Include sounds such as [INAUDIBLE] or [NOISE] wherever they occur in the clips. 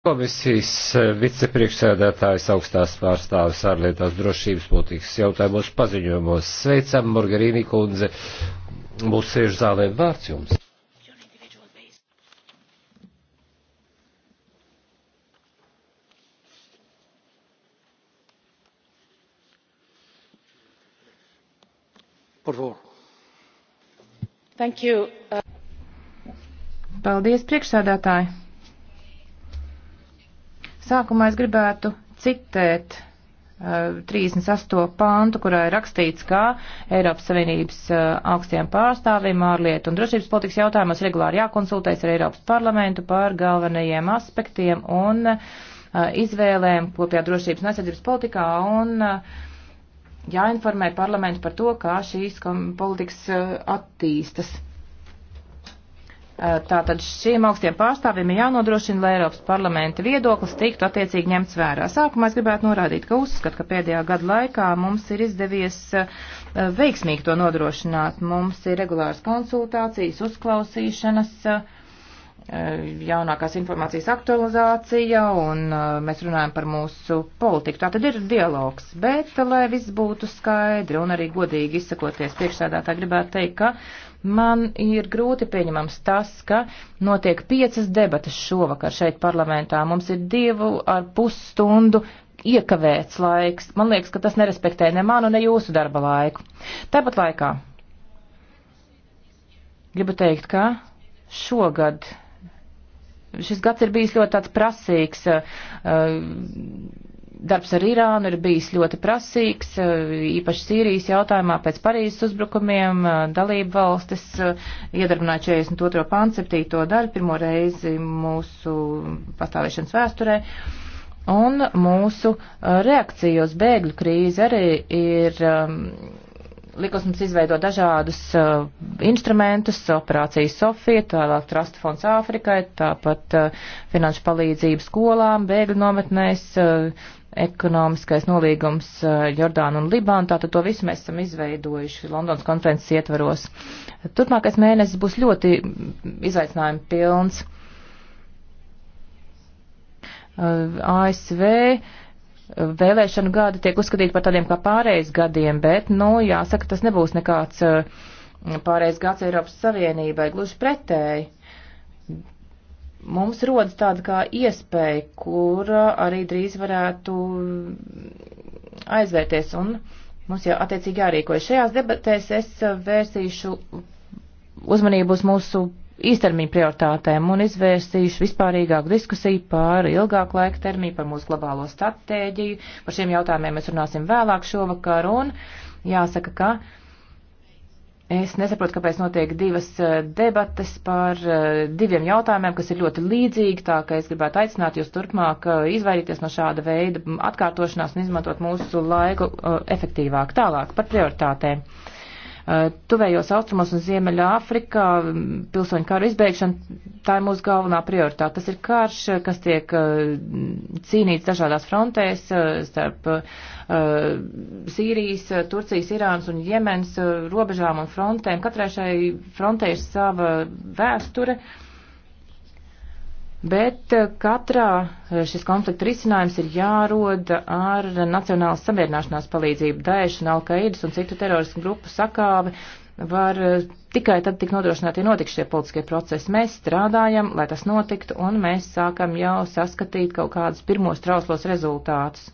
Komisijas eh, vicepriekšsēdētājs augstās pārstāvis ārlietās drošības politikas jautājumos paziņojumos. Sveicam, Margarīni kundze, mūsu sēžu zālē vārds jums. Thank you. Uh, Paldies, priekšsēdētāji. Sākumā es gribētu citēt 38. Eh, pāntu, kurā ir rakstīts, ka Eiropas Savienības eh, augstiem pārstāvim ārlietu un drošības politikas jautājumos regulāri jākonsultēs ar Eiropas parlamentu par galvenajiem aspektiem un eh, izvēlēm kopējā drošības un aizsardzības politikā un jāinformē parlamentu par to, kā šīs politikas attīstas. Eh, tātad šiem augstiem pārstāvjiem ir jānodrošina, lai Eiropas parlamenta viedoklis tiktu attiecīgi ņemts vērā. Sākumā es gribētu norādīt, ka uzskat, ka pēdējā gada laikā mums ir izdevies eh, veiksmīgi to nodrošināt. Mums ir regulāras konsultācijas, uzklausīšanas eh, Eh, jaunākās informācijas aktualizācija un eh, mēs runājam par mūsu politiku. Tā tad ir dialogs, bet eh, lai viss būtu skaidri un arī godīgi izsakoties priekšsēdētā gribētu teikt, ka man ir grūti pieņemams tas, ka notiek piecas debatas šovakar šeit parlamentā. Mums ir divu ar pusstundu iekavēts laiks. Man liekas, ka tas nerespektē ne manu, ne jūsu darba laiku. Tāpat laikā gribu teikt, ka šogad Šis gads ir bijis ļoti tāds prasīgs. Eh, darbs ar Irānu ir bijis ļoti prasīgs, eh, īpaši Sīrijas jautājumā pēc Parīzes uzbrukumiem. Eh, Dalība valstis iedarbināja 42. pāns 7. daļu pirmo reizi mūsu pastāvēšanas vēsturē. Un mūsu reakcija uz bēgļu krīzi arī ir ehm, likums izveido dažādus uh, instrumentus, operācijas Sofija, tālāk Trust fonds Āfrikai, tāpat uh, finanšu palīdzību skolām, bēgļu nometnēs, uh, ekonomiskais nolīgums uh, Jordānu un Libānu, tātad to visu mēs esam izveidojuši Londonas konferences ietvaros. Turpmākais mēnesis būs ļoti izaicinājumi pilns. Uh, ASV uh, vēlēšanu gadi tiek uzskatīti par tādiem kā pārējais gadiem, bet, nu, jāsaka, tas nebūs nekāds eh, pārējais gads Eiropas Savienībai, gluži pretēji. Mums rodas tāda kā iespēja, kura arī drīz varētu aizvērties, un mums jau attiecīgi jārīkojas. Šajās debatēs es eh, vērsīšu uzmanību uz mūsu īstermiņa prioritātēm un izvērsīšu vispārīgāku diskusiju par ilgāku laika termiņu, par mūsu globālo stratēģiju. Par šiem jautājumiem mēs runāsim vēlāk šovakar un jāsaka, ka es nesaprotu, kāpēc notiek divas eh, debates par eh, diviem jautājumiem, kas ir ļoti līdzīgi, tā ka es gribētu aicināt jūs turpmāk eh, izvairīties no šāda veida atkārtošanās un izmantot mūsu laiku efektīvāk tālāk par prioritātēm. Eh, tuvējos austrumos un ziemeļā Afrikā mm, pilsoņu karu izbeigšana, tā ir mūsu galvenā prioritāte. Tas ir karš, eh, kas tiek eh, cīnīts dažādās frontēs starp Sīrijas, Turcijas, Irānas un Jemens robežām un frontēm. Katrai šai frontē ir sava vēsture. Bet eh, katrā eh, šis konflikta risinājums ir jārod ar nacionālas samierināšanās palīdzību. Daesh, Alkaīdas un citu teroristu grupu sakāvi var eh, tikai tad tik nodrošināti notikšie politiskie procesi. Mēs strādājam, lai tas notiktu, un mēs sākam jau saskatīt kaut kādus pirmos trauslos rezultātus.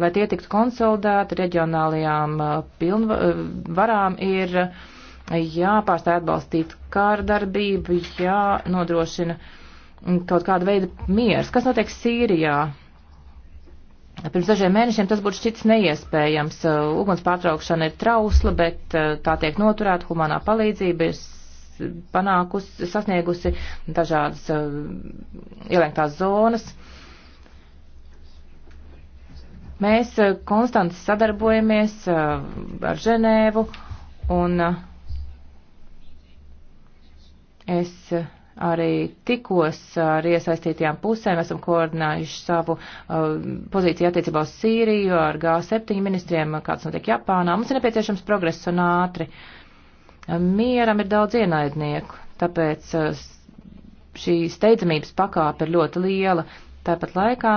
Lai tie tiktu konsolidēti, reģionālajām pilnvarām ir jāpārstāj atbalstīt kārdarbību, jānodrošina. Ja kaut kāda veida miers. Kas notiek Sīrijā? Pirms dažiem mēnešiem tas būtu šķits neiespējams. Uh, uguns pārtraukšana ir trausla, bet uh, tā tiek noturēta, humanā palīdzība ir panākusi, sasniegusi dažādas uh, ielēktās zonas. Mēs konstanti sadarbojamies ar Ženēvu un es arī tikos ar iesaistītajām pusēm, esam koordinējuši savu uh, pozīciju attiecībā uz Sīriju, ar G7 ministriem, kāds notiek Japānā. Mums ir nepieciešams progress un ātri. Mieram ir daudz ienaidnieku, tāpēc uh, šī steidzamības pakāpe ir ļoti liela. Tāpat laikā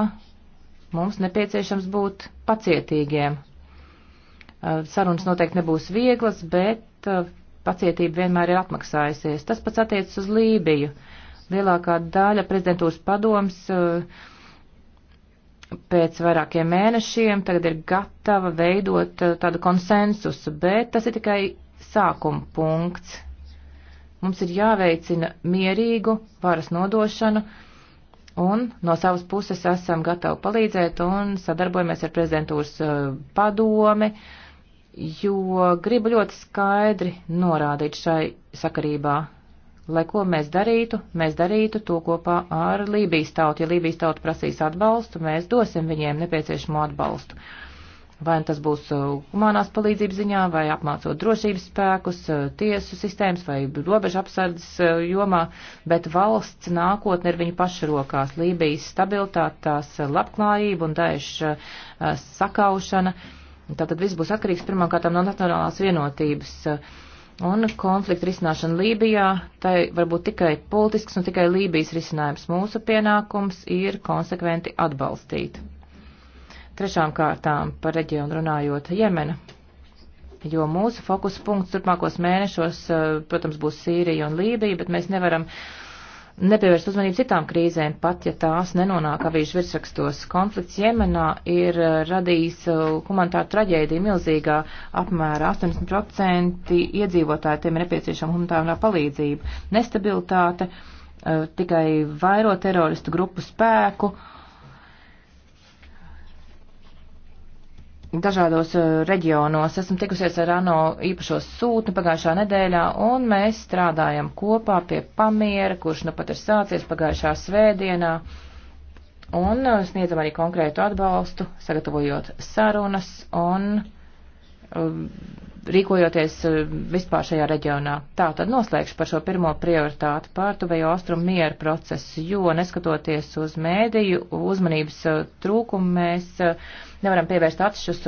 mums nepieciešams būt pacietīgiem. Uh, sarunas noteikti nebūs vieglas, bet. Uh, pacietība vienmēr ir atmaksājusies. Tas pats attiecas uz Lībiju. Lielākā daļa prezidentūras padoms uh, pēc vairākiem mēnešiem tagad ir gatava veidot uh, tādu konsensusu, bet tas ir tikai sākuma punkts. Mums ir jāveicina mierīgu varas nodošanu, un no savas puses esam gatavi palīdzēt un sadarbojamies ar prezidentūras uh, padomi. Uh, jo gribu ļoti skaidri norādīt šai sakarībā, lai ko mēs darītu, mēs darītu to kopā ar Lībijas tautu. Ja Lībijas tauta prasīs atbalstu, mēs dosim viņiem nepieciešamo atbalstu. Vai tas būs uh, humanās palīdzības ziņā, vai apmācot drošības spēkus, uh, tiesu sistēmas vai robežu apsardzes uh, jomā, bet valsts nākotne ir viņu pašu rokās. Lībijas stabilitāte, tās labklājība un daļš sakaušana. Uh, Tātad viss būs atkarīgs pirmkārt no nacionālās vienotības. Un konflikta risināšana Lībijā, tai varbūt tikai politisks un tikai Lībijas risinājums. Mūsu pienākums ir konsekventi atbalstīt. Trešām kārtām par reģionu runājot Jemena, jo mūsu fokus punkts turpmākos mēnešos, eh, protams, būs Sīrija un Lībija, bet mēs nevaram uh, nepievērst uzmanību citām krīzēm, pat ja tās nenonāk avīžu virsrakstos. Konflikts Jemenā ir eh, radījis eh, humanitāru traģēdiju milzīgā apmērā. 80% iedzīvotāji tiem ir nepieciešama humanitārā palīdzība. Nestabilitāte eh, tikai vairo teroristu grupu spēku. Uh, dažādos eh, reģionos. Esmu tikusies ar ANO īpašo sūtni pagājušā nedēļā, un mēs strādājam kopā pie pamiera, kurš nu pat ir sācies pagājušā svētdienā, un eh, sniedzam arī konkrētu atbalstu, sagatavojot sarunas un eh, rīkojoties eh, vispār šajā reģionā. Tā tad noslēgšu par šo pirmo prioritāti pārtuvējo austrumu mieru procesu, jo neskatoties uz mēdīju uzmanības eh, trūkumu, mēs eh, nevaram pievērst atšķus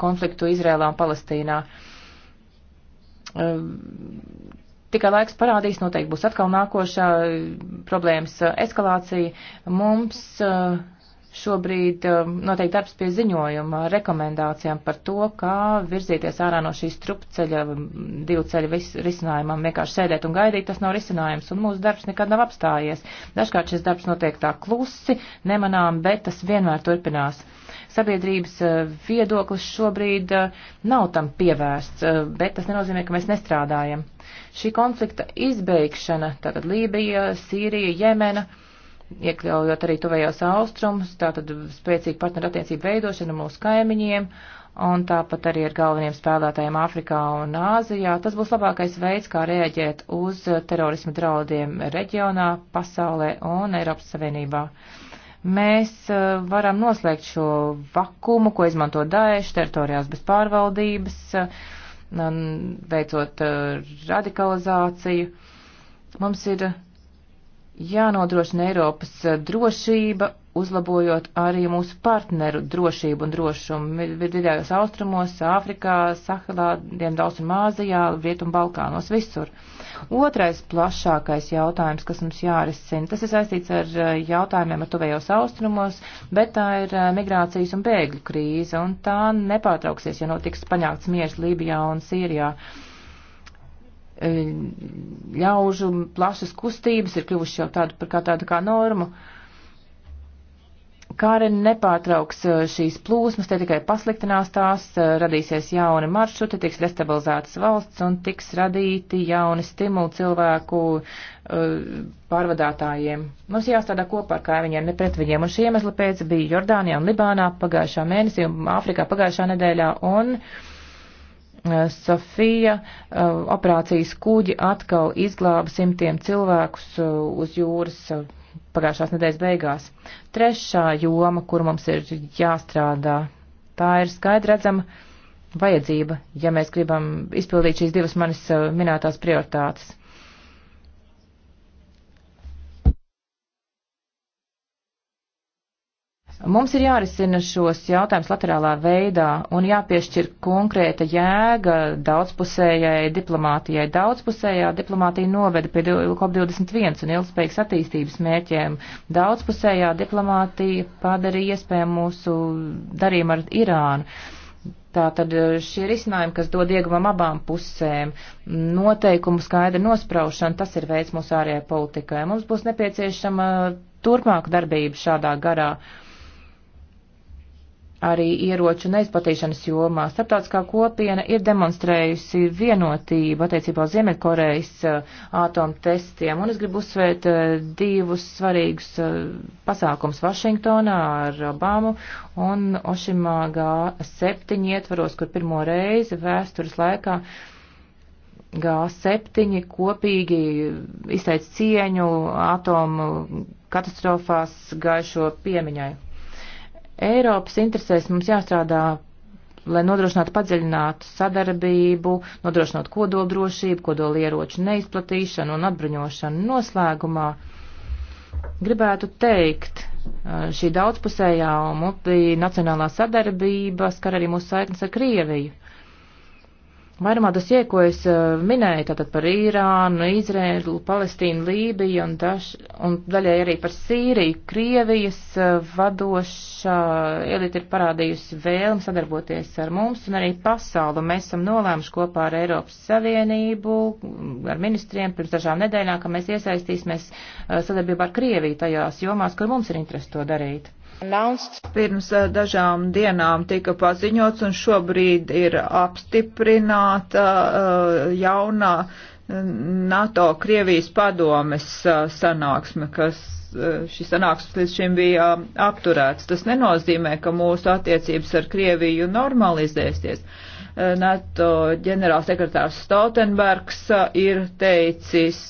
konfliktu Izrēlā un Palestīnā. Tikai laiks parādīs, noteikti būs atkal nākošā problēmas eskalācija. Mums Šobrīd um, notiek darbs pie ziņojuma rekomendācijām par to, kā virzīties ārā no šīs trupceļa, um, divu ceļu risinājumam. Vienkārši sēdēt un gaidīt, tas nav risinājums, un mūsu darbs nekad nav apstājies. Dažkārt šis darbs notiek tā klusi, nemanām, bet tas vienmēr turpinās. Sabiedrības uh, viedoklis šobrīd uh, nav tam pievērsts, uh, bet tas nenozīmē, ka mēs nestrādājam. Šī konflikta izbeigšana, tātad Lībija, Sīrija, Jemena iekļaujot arī tuvējos austrumus, tātad spēcīgu partneru attiecību veidošanu mūsu kaimiņiem, un tāpat arī ar galveniem spēlētājiem Āfrikā un Āzijā. Tas būs labākais veids, kā rēģēt uz terorismu draudiem reģionā, pasaulē un Eiropas Savienībā. Mēs eh, varam noslēgt šo vakumu, ko izmanto Daesh teritorijās bez pārvaldības, eh, veicot eh, radikalizāciju. Mums ir jānodrošina Eiropas eh, drošība, uzlabojot arī mūsu partneru drošību un drošumu vidējos austrumos, Āfrikā, Sahelā, Dienvidaustrumā, Āzijā, Rietum Balkānos, visur. Otrais plašākais jautājums, kas mums jārisina, tas ir saistīts ar eh, jautājumiem ar tuvējos austrumos, bet tā ir eh, migrācijas un bēgļu krīze, un tā nepārtrauksies, ja notiks paņākts miers Lībijā un Sīrijā. Uh, Eh, ļaužu plašas kustības ir kļuvuši jau tādu par kā tādu kā normu. Kāren nepārtrauks eh, šīs plūsmas, te tikai pasliktinās tās, eh, radīsies jauni maršruti, tiks destabilizētas valsts un tiks radīti jauni stimuli cilvēku pārvadātājiem. Mums jāstrādā kopā ar kaimiņiem, ne pret viņiem, un šī iemesla pēc bija Jordānijā un Libānā pagājušā mēnesī un Āfrikā pagājušā nedēļā, un uh, Eh, Sofija eh, operācijas kuģi atkal izglāba simtiem cilvēkus eh, uz jūras pagājušās nedēļas beigās. Trešā joma, kur mums ir jāstrādā, tā ir skaidredzama vajadzība, ja mēs gribam izpildīt šīs divas manis minētās prioritātes. Mums ir jārisina šos jautājumus laterālā veidā un jāpiešķir konkrēta jēga daudzpusējai diplomātijai. Daudzpusējā diplomātija noveda pie COP21 un ilgspējīgas attīstības mērķiem. Daudzpusējā diplomātija padarīja iespējamu mūsu darījumu ar Irānu. Tātad eh, šie risinājumi, kas dod iegumam abām pusēm, noteikumu skaidra nospraušana, tas ir veids mūsu ārējai politikai. Mums būs nepieciešama turpmāka darbība šādā garā. Uh, arī ieroču neizplatīšanas jomā. Starptautiskā kopiena ir demonstrējusi vienotību attiecībā uz Ziemeļkorejas ātomu uh, testiem, un es gribu uzsvērt uh, divus svarīgus uh, pasākums Vašingtonā ar Obamu un Ošimā G7 ietvaros, kur pirmo reizi vēstures laikā G7 kopīgi izteica cieņu atomu katastrofās gaišo piemiņai. Eiropas interesēs mums jāstrādā, lai nodrošinātu padziļinātu sadarbību, nodrošinot kodoldrošību, kodolieroču neizplatīšanu un atbruņošanu noslēgumā. Gribētu teikt, šī daudzpusējā un multinacionālā sadarbība skar arī mūsu saiknes ar Krieviju. Vairumā dosie, ko es eh, minēju, tātad par Irānu, Izrēlu, Palestīnu, Lībiju un, daž, un daļai arī par Sīriju, Krievijas eh, vadošā elite ir parādījusi vēlmi sadarboties ar mums un arī pasauli. Mēs esam nolēmuši kopā ar Eiropas Savienību, ar ministriem pirms dažām nedēļām, ka mēs iesaistīsimies eh, sadarbībā ar Krieviju tajās jomās, kur mums ir interesi to darīt. Pirms eh, dažām dienām tika paziņots un šobrīd ir apstiprināta eh, jaunā eh, NATO Krievijas padomes sanāksme, kas šī sanāksmes līdz šim bija apturēts. Tas nenozīmē, ka mūsu attiecības ar Krieviju normalizēsies Eh, NATO ģenerālsekretārs Stoltenbergs eh, ir teicis,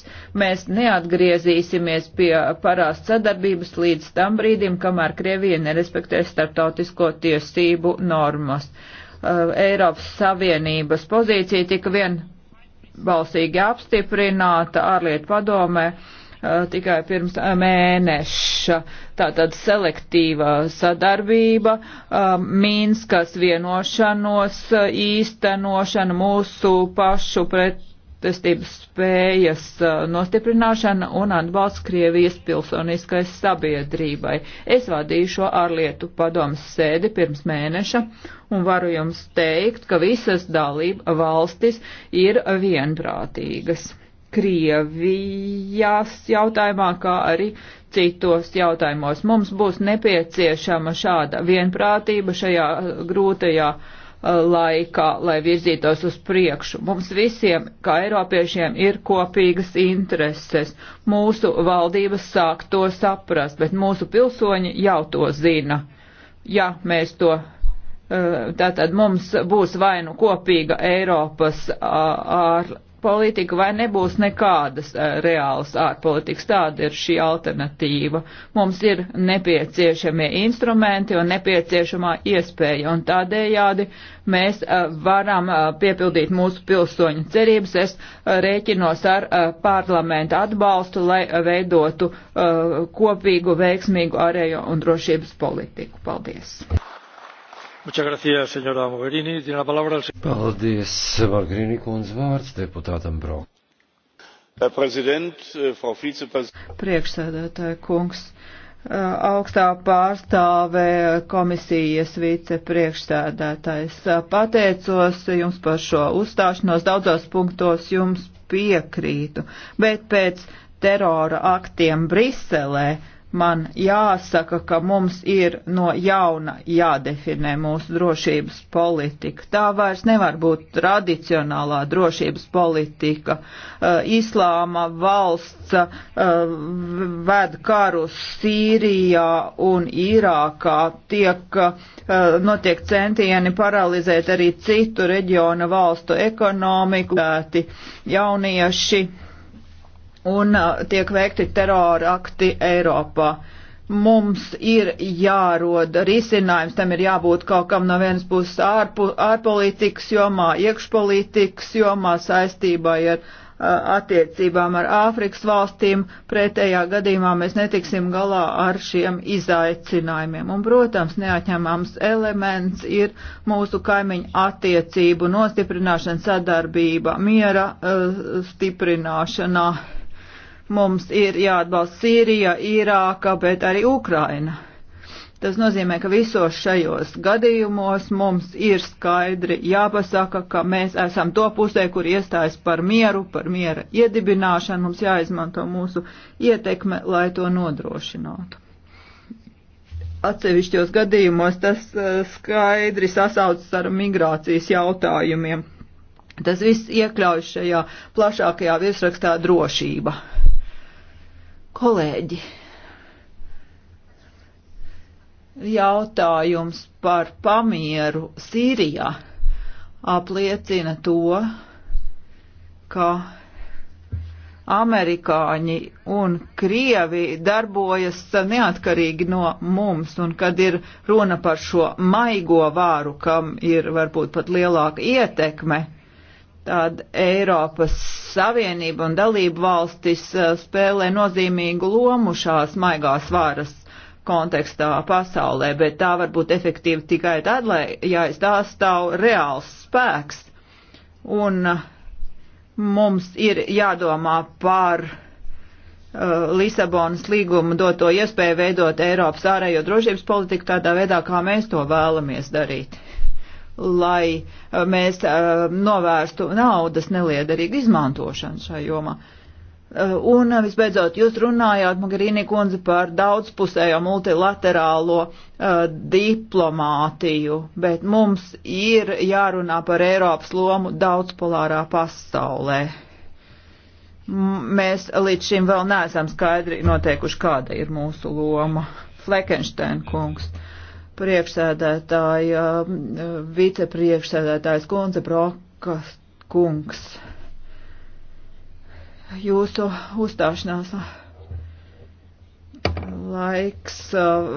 mēs neatgriezīsimies pie parās sadarbības līdz tam brīdim, kamēr Krievija nerespektēs starptautisko tiesību normas. Eh, Eiropas Savienības pozīcija tika vienbalsīgi apstiprināta ārlietu padomē Uh, tikai pirms mēneša. Tātad selektīva sadarbība, uh, Minskas vienošanos uh, īstenošana, mūsu pašu pretestības spējas nostiprināšana un atbalsts Krievijas pilsoniskai sabiedrībai. Es vadīju šo ārlietu padomas sēdi pirms mēneša un varu jums teikt, ka visas dalība valstis ir vienprātīgas Krievijas jautājumā, kā arī citos jautājumos. Mums būs nepieciešama šāda vienprātība šajā grūtajā uh, laikā, lai virzītos uz priekšu. Mums visiem, kā Eiropiešiem, ir kopīgas intereses. Mūsu valdības sāk to saprast, bet mūsu pilsoņi jau to zina. Ja mēs to uh, Tātad mums būs vai nu kopīga Eiropas ārlietu uh, politika vai nebūs nekādas reālas ārpolitikas. Tāda ir šī alternatīva. Mums ir nepieciešamie instrumenti un nepieciešamā iespēja, un tādējādi mēs varam piepildīt mūsu pilsoņu cerības. Es rēķinos ar parlamentu atbalstu, lai veidotu kopīgu, veiksmīgu ārējo un drošības politiku. Paldies! Paldies, Margarīni kundze, vārds deputātam Brok. Äh, Priekšsēdētāja kungs, augstā pārstāve komisijas vicepriekšsēdētājs, pateicos jums par šo uzstāšanos, daudzos punktos jums piekrītu, bet pēc terora aktiem Briselē man jāsaka, ka mums ir no jauna jādefinē mūsu drošības politika. Tā vairs nevar būt tradicionālā drošības politika. Uh, Islāma valsts uh, ved karus Sīrijā un Irākā, tiek, uh, notiek centieni paralizēt arī citu reģiona valstu ekonomiku. Jaunieši un uh, tiek veikti terora akti Eiropā. Mums ir jāroda risinājums, tam ir jābūt kaut kam no vienas puses ārpu, ārpolitikas jomā, iekšpolitikas jomā saistībā ar uh, attiecībām ar Āfrikas valstīm, pretējā gadījumā mēs netiksim galā ar šiem izaicinājumiem. Un, protams, neatņemams elements ir mūsu kaimiņu attiecību nostiprināšana, sadarbība, miera uh, stiprināšanā. Mums ir jāatbalsta Sīrija, Irāka, bet arī Ukraina. Tas nozīmē, ka visos šajos gadījumos mums ir skaidri jāpasaka, ka mēs esam to pusē, kur iestājas par mieru, par miera iedibināšanu. Mums jāizmanto mūsu ietekme, lai to nodrošinātu. Atsevišķos gadījumos tas eh, skaidri sasaucas ar migrācijas jautājumiem. Tas viss iekļauj šajā plašākajā virsrakstā drošība. Kolēģi, jautājums par pamieru Sīrijā apliecina to, ka amerikāņi un krievi darbojas neatkarīgi no mums, un kad ir runa par šo maigo vāru, kam ir varbūt pat lielāka ietekme, Tad Eiropas Savienība un dalību valstis eh, spēlē nozīmīgu lomu šās maigās varas kontekstā pasaulē, bet tā var būt efektīva tikai tad, lai, ja aiz tā stāv reāls spēks. Un eh, mums ir jādomā par uh, Lisabonas līgumu doto iespēju veidot Eiropas ārējo drošības politiku tādā veidā, kā mēs to vēlamies darīt lai eh, mēs eh, novērstu naudas neliederīgu izmantošanu šajā jomā. Eh, un visbeidzot, jūs runājāt, Magarīni kundze, par daudzpusējo multilaterālo uh, diplomātiju, bet mums ir jārunā par Eiropas lomu daudzpolārā pasaulē. M mēs līdz šim vēl neesam skaidri noteikuši, kāda ir mūsu loma. Fleckenstein kungs. Uh, priekšsēdētāja, vicepriekšsēdētājs Konze Broka kungs. Jūsu uzstāšanās laiks uh,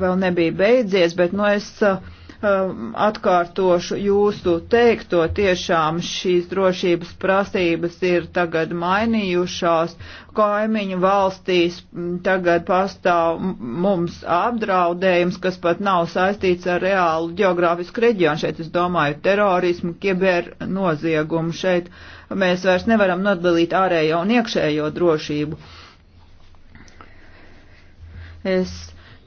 vēl nebija beidzies, bet nu es. Uh, Um, atkārtošu jūsu teikto, tiešām šīs drošības prasības ir tagad mainījušās, kaimiņu valstīs mm, tagad pastāv mums apdraudējums, kas pat nav saistīts ar reālu geogrāfisku reģionu. Šeit es domāju terorismu, kibernoziegumu, šeit mēs vairs nevaram nodalīt ārējo un iekšējo drošību. Es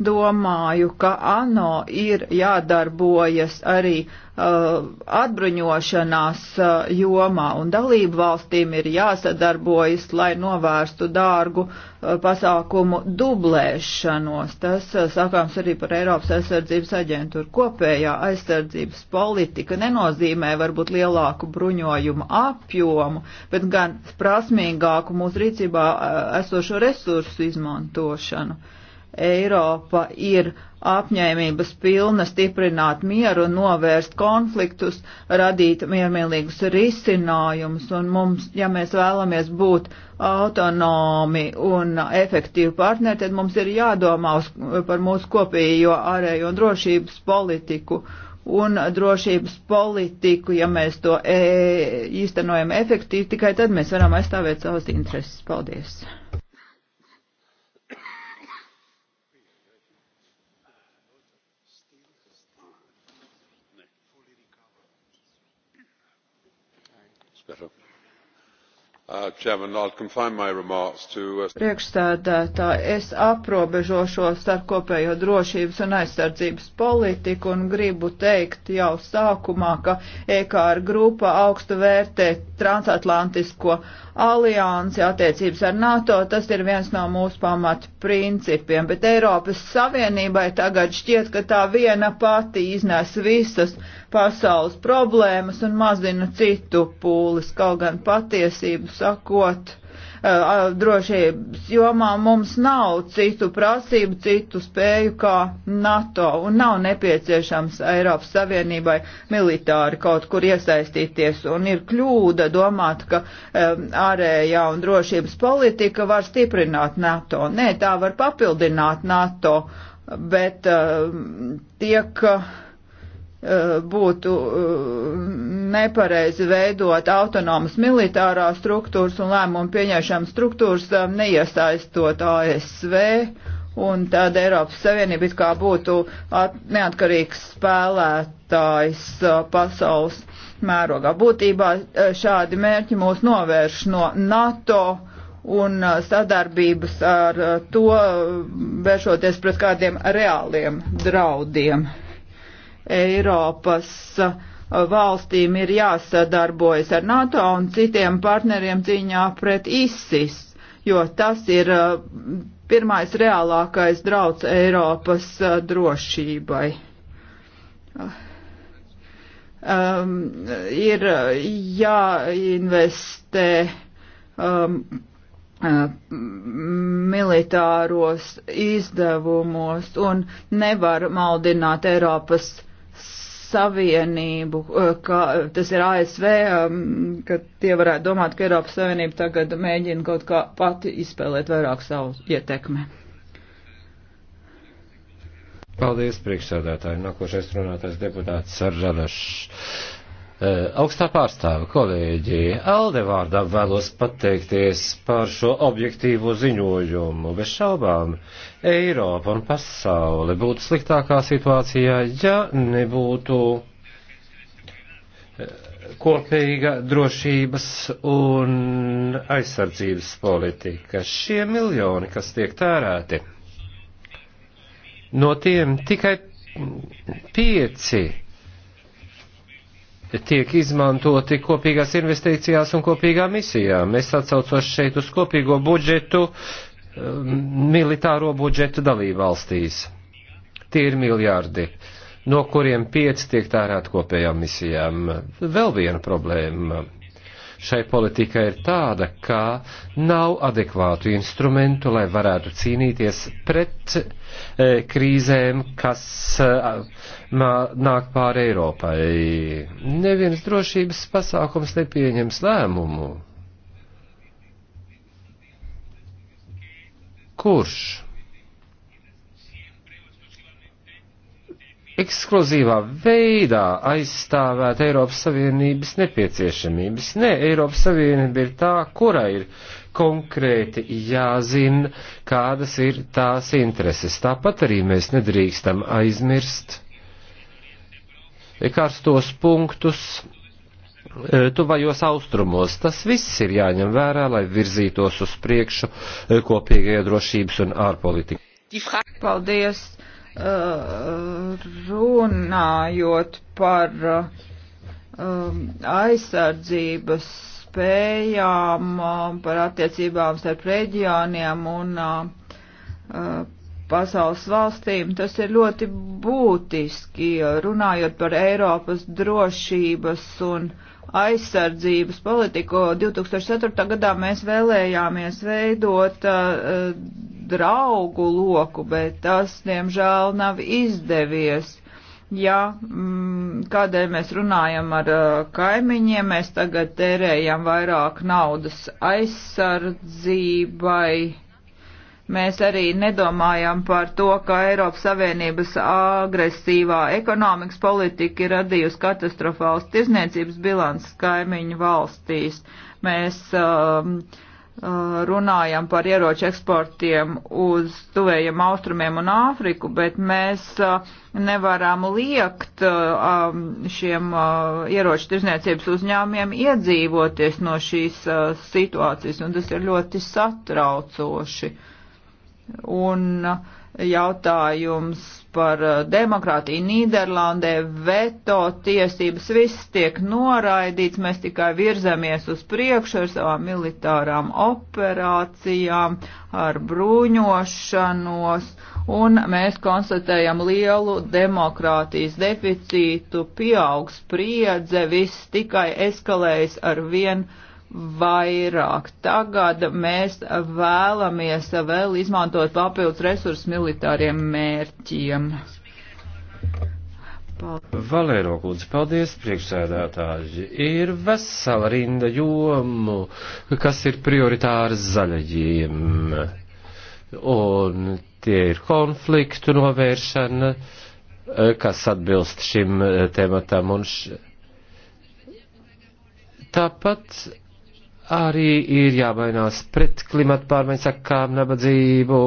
domāju, ka ANO ir jādarbojas arī uh, atbruņošanās uh, jomā, un dalību valstīm ir jāsadarbojas, lai novērstu dārgu uh, pasākumu dublēšanos. Tas uh, sakāms arī par Eiropas aizsardzības aģentūru. Kopējā aizsardzības politika nenozīmē varbūt lielāku bruņojumu apjomu, bet gan prasmīgāku mūsu rīcībā uh, esošo resursu izmantošanu. Uh, Eiropa ir apņēmības pilna stiprināt mieru, novērst konfliktus, radīt miermīlīgus risinājumus, un mums, ja mēs vēlamies būt autonomi un efektīvi partneri, tad mums ir jādomā uz, par mūsu kopējo ārējo drošības politiku un drošības politiku, ja mēs to e īstenojam efektīvi, tikai tad mēs varam aizstāvēt savas intereses. Paldies! Uh, uh, Priekšstādātāji, es aprobežošos ar kopējo drošības un aizsardzības politiku un gribu teikt jau sākumā, ka EKR grupa augstu vērtē transatlantisko aliansi, attiecības ar NATO, tas ir viens no mūsu pamat principiem, bet Eiropas Savienībai tagad šķiet, ka tā viena pati iznes visas pasaules problēmas un mazina citu pūles, kaut gan patiesību sakot Uh, drošības jomā mums nav citu prasību, citu spēju kā NATO un nav nepieciešams Eiropas Savienībai militāri kaut kur iesaistīties un ir kļūda domāt, ka um, ārējā un drošības politika var stiprināt NATO. Nē, tā var papildināt NATO, bet um, tiek. Uh, Eh, būtu eh, nepareizi veidot autonomas militārās struktūras un lēmumu pieņemšanas struktūras, eh, neiesaistot ASV, un tad Eiropas Savienība it kā būtu neatkarīgs spēlētājs pasaules mērogā. Būtībā šādi mērķi mūs novērš no NATO un sadarbības ar to vēršoties pret kādiem reāliem draudiem. Eiropas uh, valstīm ir jāsadarbojas ar NATO un citiem partneriem cīņā pret ISIS, jo tas ir uh, pirmais reālākais drauds Eiropas uh, drošībai. Um, ir jāinvestē um, militāros izdevumos un nevar maldināt Eiropas Savienību, eh, ka eh, tas ir ASV, um, ka tie varētu domāt, ka Eiropas Savienība tagad mēģina kaut kā pati izspēlēt vairāk savu ietekmi. Paldies, priekšsādātāji. Nākošais runātājs deputāts Saržadašs. Eh, augstā pārstāve, kolēģi, Alde vārdā vēlos pateikties par šo objektīvo ziņojumu. Bez šaubām, Eiropa un pasaule būtu sliktākā situācijā, ja nebūtu eh, kopīga drošības un aizsardzības politika. Šie miljoni, kas tiek tērēti, no tiem tikai pieci tiek izmantoti kopīgās investīcijās un kopīgā misijā. Mēs atsaucos šeit uz kopīgo budžetu, um, militāro budžetu dalībvalstīs. Tie ir miljardi, no kuriem pieci tiek tērēt kopējām misijām. Vēl viena problēma šai politikai ir tāda, ka nav adekvātu instrumentu, lai varētu cīnīties pret e, krīzēm, kas e, mā, nāk pāri Eiropai. Neviens drošības pasākums nepieņems lēmumu. Kurš? ekskluzīvā veidā aizstāvēt Eiropas Savienības nepieciešamības. Nē, ne, Eiropas Savienība ir tā, kurai ir konkrēti jāzina, kādas ir tās intereses. Tāpat arī mēs nedrīkstam aizmirst karstos punktus e, tuvajos austrumos. Tas viss ir jāņem vērā, lai virzītos uz priekšu e, kopīgajā drošības un ārpolitikā. Paldies! Eh, runājot par eh, aizsardzības spējām, eh, par attiecībām starp reģioniem un pasaules valstīm, tas ir ļoti būtiski, runājot par Eiropas drošības un uh, aizsardzības politiku. 2004. gadā mēs vēlējāmies veidot uh, draugu loku, bet tas, diemžēl, nav izdevies. Ja mm, kādēļ mēs runājam ar uh, kaimiņiem, mēs tagad tērējam vairāk naudas aizsardzībai Mēs arī nedomājam par to, ka Eiropas Savienības agresīvā ekonomikas politika ir radījusi katastrofāls tirzniecības bilants kaimiņu valstīs. Mēs um, uh, runājam par ieroču eksportiem uz tuvējiem austrumiem un Āfriku, bet mēs uh, nevaram liekt uh, um, šiem ieroču tirzniecības uzņēmiem iedzīvoties no šīs situācijas, un tas ir ļoti satraucoši. Uh, un jautājums par uh, demokrātiju Nīderlandē, veto tiesības, viss tiek noraidīts, mēs tikai virzamies uz priekšu ar savām militārām operācijām, ar bruņošanos, un mēs konstatējam lielu demokrātijas deficītu, pieaug spriedze, viss tikai eskalējas ar vienu vairāk. Tagad mēs vēlamies vēl izmantot papildus resursus militāriem mērķiem. Paldies. Valēro kundze, paldies priekšsēdētāji. Ir vesela rinda jomu, kas ir prioritāras zaļajiem. Un tie ir konfliktu novēršana, kas atbilst šim tematam. Un š... Tāpat arī ir jāmainās pret klimatu pārmaiņu sakām nabadzību.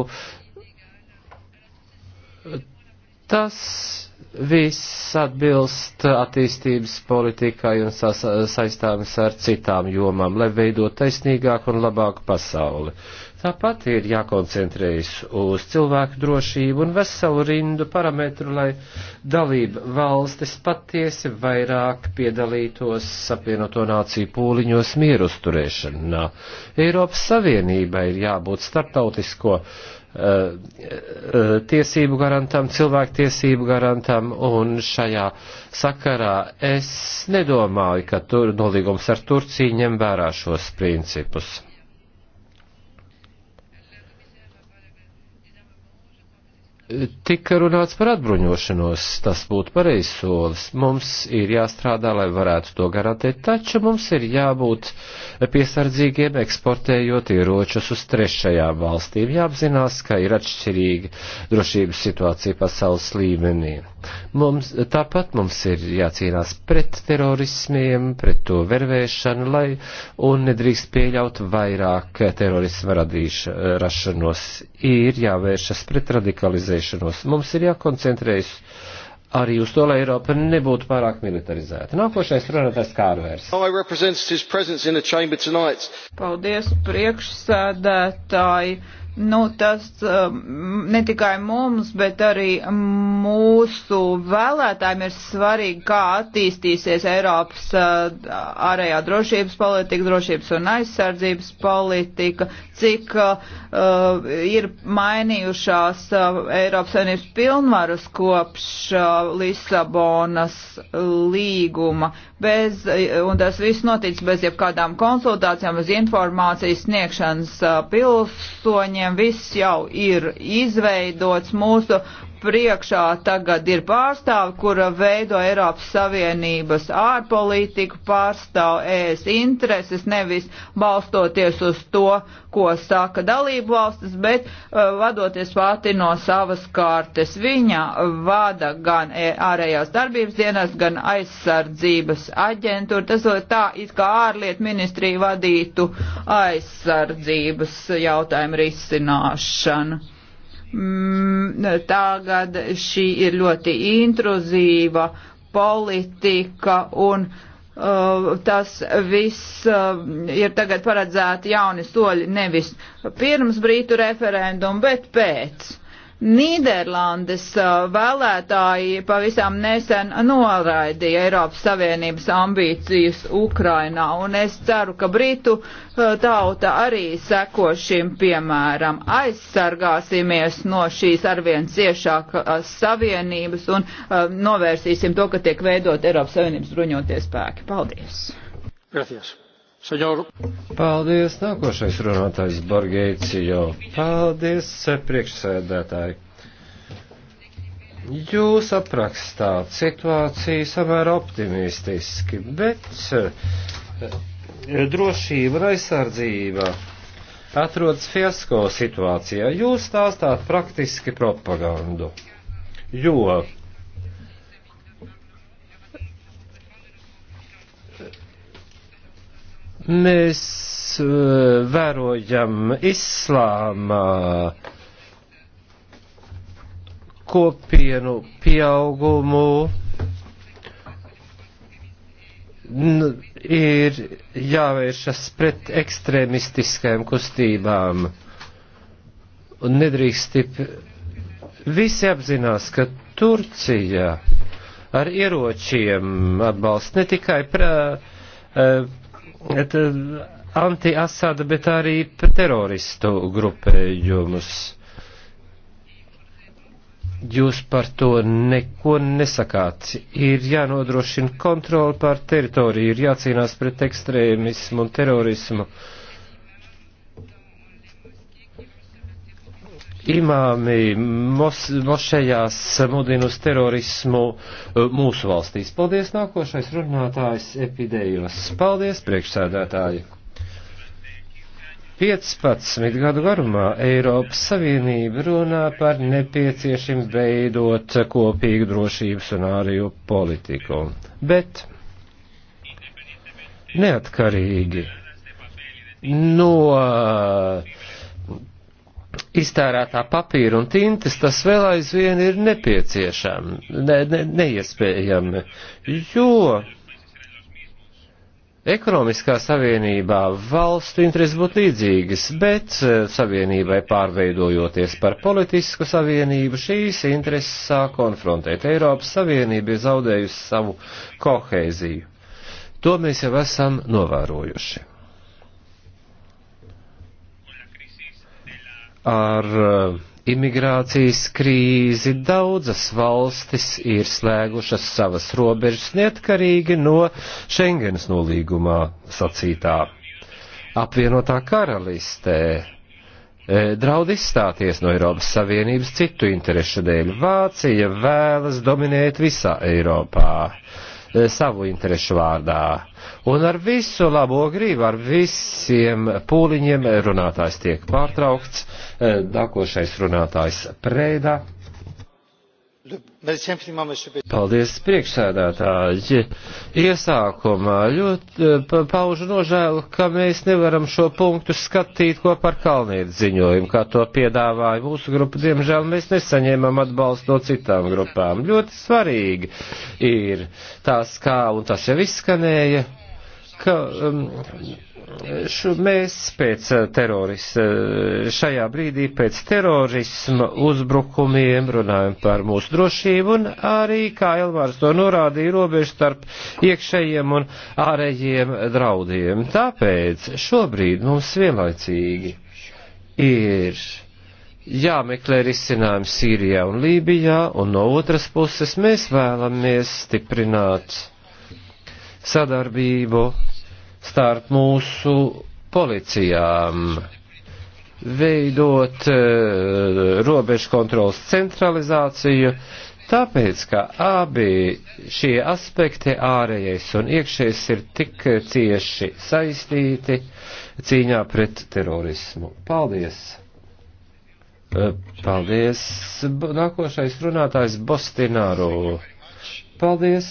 Tas viss atbilst attīstības politikai un saistāms ar citām jomām, lai veidot taisnīgāku un labāku pasauli. Tāpat ir jākoncentrējas uz cilvēku drošību un veselu rindu parametru, lai dalība valstis patiesi vairāk piedalītos apvienoto nāciju pūliņos mieru uzturēšanā. Eiropas Savienībai ir jābūt starptautisko uh, tiesību garantam, cilvēktiesību garantam, un šajā sakarā es nedomāju, ka tur nolīgums ar Turciju ņem vērā šos principus. tika runāts par atbruņošanos, tas būtu pareizs solis. Mums ir jāstrādā, lai varētu to garantēt, taču mums ir jābūt piesardzīgiem eksportējot ieročus uz trešajām valstīm. Jāapzinās, ka ir atšķirīga drošības situācija pasaules līmenī. Mums, tāpat mums ir jācīnās pret terorismiem, pret to vervēšanu, lai un nedrīkst pieļaut vairāk terorisma radīšanos. Ir jāvēršas pret radikalizēšanu uzticēšanos. Mums ir jākoncentrējas arī uz to, lai Eiropa nebūtu pārāk militarizēta. Nākošais runātājs Kārvērs. Paldies, priekšsēdētāji. Nu, tas um, ne tikai mums, bet arī mūsu vēlētājiem ir svarīgi, kā attīstīsies Eiropas uh, ārējā drošības politika, drošības un aizsardzības politika, cik uh, uh ir mainījušās uh, Eiropas Savienības pilnvarus kopš Lisabonas līguma bez, un tas viss notic bez jebkādām konsultācijām, bez informācijas sniegšanas uh, pilsoņiem. Viss jau ir izveidots mūsu priekšā tagad ir pārstāvi, kura veido Eiropas Savienības ārpolitiku, pārstāv ES intereses, nevis balstoties uz to, ko saka dalību valstis, bet uh, vadoties pati no savas kārtas. Viņa vada gan e, ārējās darbības dienas, gan aizsardzības aģentūru. Tas ir tā, it kā ārlietu ministrija vadītu aizsardzības jautājumu risināšanu. Mm, tagad šī ir ļoti intruzīva politika un Uh, tas viss uh, ir tagad paredzēti jauni soļi nevis pirms brītu referendumu, bet pēc. Nīderlandes uh, vēlētāji pavisam nesen noraidīja Eiropas Savienības ambīcijas Ukrainā, un es ceru, ka Britu uh, tauta arī seko šim piemēram. Aizsargāsimies no šīs arvien ciešākas savienības un uh, novērsīsim to, ka tiek veidot Eiropas Savienības bruņoties spēki. Paldies! Gracias. Seņoru. Paldies, nākošais runātājs Borgēcijo. Paldies, priekšsēdētāji. Jūs aprakstāt situāciju samērā optimistiski, bet eh, drošība un aizsardzība atrodas fiasko situācijā. Jūs stāstāt praktiski propagandu, jo Mēs uh, vērojam islāma kopienu pieaugumu. Ir jāvēršas pret ekstrēmistiskajām kustībām un nedrīkst tip. Visi apzinās, ka Turcija ar ieročiem atbalsta ne tikai pra, eh, Eh, anti-Asada, bet arī teroristu grupējumus. Jūs par to neko nesakāt. Ir jānodrošina kontroli pār teritoriju, ir jācīnās pret ekstrēmismu un terorismu. Uh, imāmi mos, mošejās mudina uz terorismu e, mūsu valstīs. Paldies, nākošais runātājs epidējos. Paldies, priekšsēdētāji. 15 gadu garumā Eiropas Savienība runā par nepieciešam veidot kopīgu drošības un ārējo politiku, bet neatkarīgi no uh, iztērētā papīra un tintes, tas vēl aizvien ir nepieciešami, ne, ne, neiespējami, jo ekonomiskā savienībā valstu intereses būtu līdzīgas, bet eh, savienībai pārveidojoties par politisku savienību, šīs intereses sāk konfrontēt. Eiropas Savienība ir zaudējusi savu koheiziju. To mēs jau esam novērojuši. ar uh, imigrācijas krīzi daudzas valstis ir slēgušas savas robežas neatkarīgi no Schengenas nolīgumā sacītā. Apvienotā karalistē eh, draud izstāties no Eiropas Savienības citu interešu dēļ. Vācija vēlas dominēt visā Eiropā. E, savu interešu vārdā. Un ar visu labo gribu, ar visiem pūliņiem runātājs tiek pārtraukts, e, nākošais runātājs prēdā. Paldies, priekšsēdētāji. Iesākumā ļoti eh, paužu nožēlu, ka mēs nevaram šo punktu skatīt kopā ar Kalnietu ziņojumu, kā to piedāvāja mūsu grupa. Diemžēl mēs nesaņēmām atbalstu no citām grupām. Ļoti svarīgi ir tās kā, un tas jau izskanēja, ka. Um, Šo mēs pēc eh, teroris, eh, šajā brīdī pēc terorisma uzbrukumiem runājam par mūsu drošību un arī, kā Elvārs to norādīja, robežu starp iekšējiem un ārējiem draudiem. Tāpēc šobrīd mums vienlaicīgi ir jāmeklē risinājumi Sīrijā un Lībijā, un no otras puses mēs vēlamies stiprināt sadarbību starp mūsu policijām, veidot eh, robežu kontrolas centralizāciju, tāpēc, ka abi šie aspekti, ārējais un iekšējais, ir tik cieši saistīti cīņā pret terorismu. Paldies! Eh, paldies! Nākošais runātājs Bostināro. Paldies!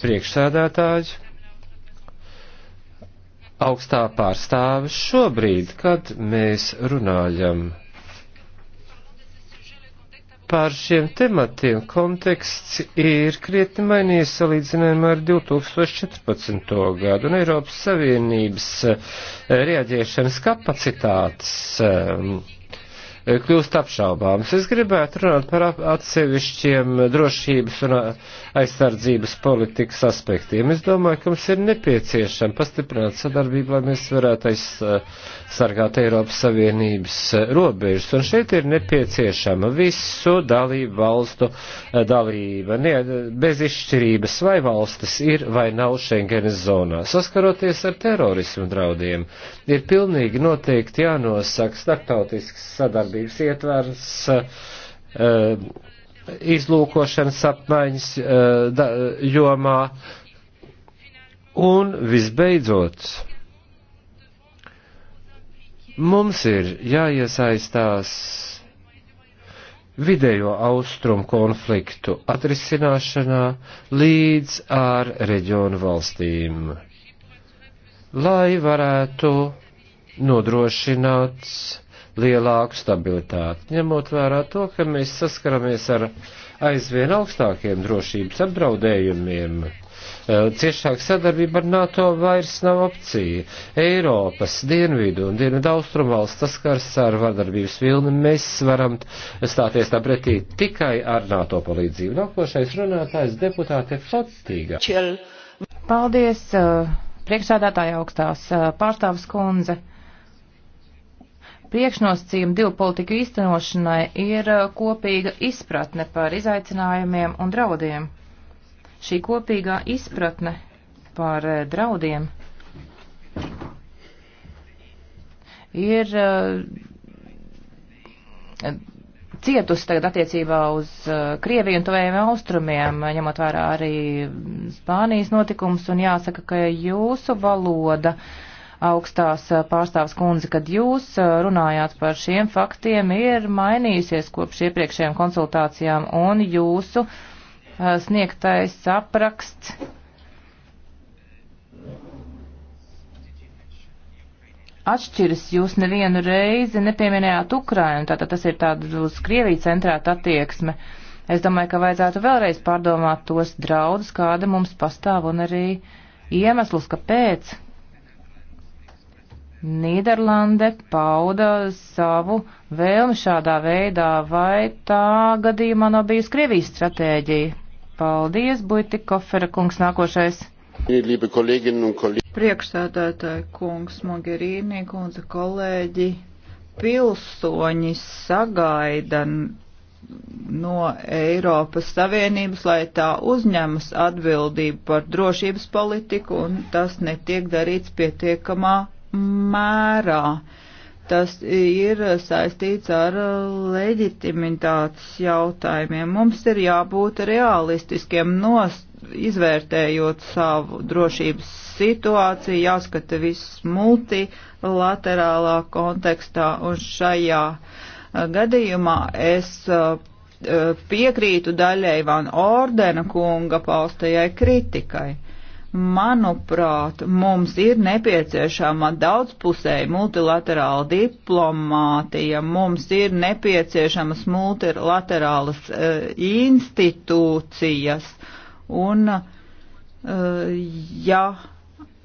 Priekšsēdētāji! augstā pārstāve šobrīd, kad mēs runājam pār šiem tematiem, konteksts ir krietni mainījies salīdzinājumā ar 2014. gadu, un Eiropas Savienības eh, reaģēšanas kapacitātes um, E, kļūst apšaubāmas. Es gribētu runāt par atsevišķiem drošības un aizsardzības politikas aspektiem. Es domāju, ka mums ir nepieciešama pastiprināt sadarbību, lai mēs varētu aizsargāt Eiropas Savienības e, robežas. Un šeit ir nepieciešama visu dalību valstu e, dalība, ne, bez izšķirības, vai valstis ir vai nav Schengenes zonā. Saskaroties ar terorismu draudiem, ir pilnīgi noteikti jānosaka starptautisks sadarbības sadarbības ietvars, eh, izlūkošanas apmaiņas eh, jomā un visbeidzot. Mums ir jāiesaistās vidējo austrumu konfliktu atrisināšanā līdz ar reģionu valstīm, lai varētu nodrošināt lielāku stabilitāti, ņemot vērā to, ka mēs saskaramies ar aizvien augstākiem drošības apdraudējumiem. Eh, Ciešāk sadarbība ar NATO vairs nav opcija. Eiropas dienvidu un dienvidu austrumvalsts saskars ar vardarbības vilni. Mēs varam stāties tā pretī tikai ar NATO palīdzību. Nākošais runātājs deputāte Fotīga. Paldies, eh, priekšsādātāja augstās eh, pārstāvas kundze. Priekšnosacījumi divu politiku īstenošanai ir uh, kopīga izpratne par izaicinājumiem un draudiem. Šī kopīgā izpratne par uh, draudiem ir uh, cietusi tagad attiecībā uz Krieviju un tuvējiem austrumiem, ņemot vērā arī Spānijas notikums, un jāsaka, ka jūsu valoda uh, augstās pārstāvs kundze, kad jūs runājāt par šiem faktiem, ir mainījusies kopš iepriekšējām konsultācijām un jūsu sniegtais apraksts. Atšķiras jūs nevienu reizi nepieminējāt Ukrainu, tātad tas ir tāda uz Krieviju centrēta attieksme. Es domāju, ka vajadzētu vēlreiz pārdomāt tos draudus, kāda mums pastāv un arī iemeslus, kāpēc. Nīderlande pauda savu vēlmi šādā veidā, vai tā gadījumā nav bijusi Krievijas stratēģija? Paldies, Buiti Kofera kungs, nākošais. Priekšsēdētāji kungs, Mogherīnī kundze, kolēģi, pilsoņi sagaida no Eiropas Savienības, lai tā uzņemas atbildību par drošības politiku, un tas netiek darīts pietiekamā mērā. Tas ir saistīts ar leģitimitātes jautājumiem. Mums ir jābūt realistiskiem nost, izvērtējot savu drošības situāciju, jāskata viss multilaterālā kontekstā un šajā gadījumā es eh, piekrītu daļai Van Ordena kunga paustajai kritikai. Manuprāt, mums ir nepieciešama daudzpusēja multilaterāla diplomātija, mums ir nepieciešamas multilaterālas uh, institūcijas un, uh, ja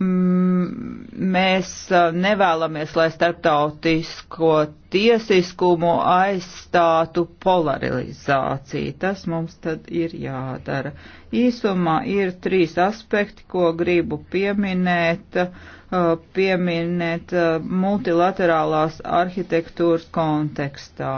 Mm, mēs nevēlamies, lai starptautisko tiesiskumu aizstātu polarizāciju. Tas mums tad ir jādara. Īsumā ir trīs aspekti, ko gribu pieminēt. Pieminēt multilaterālās arhitektūras kontekstā.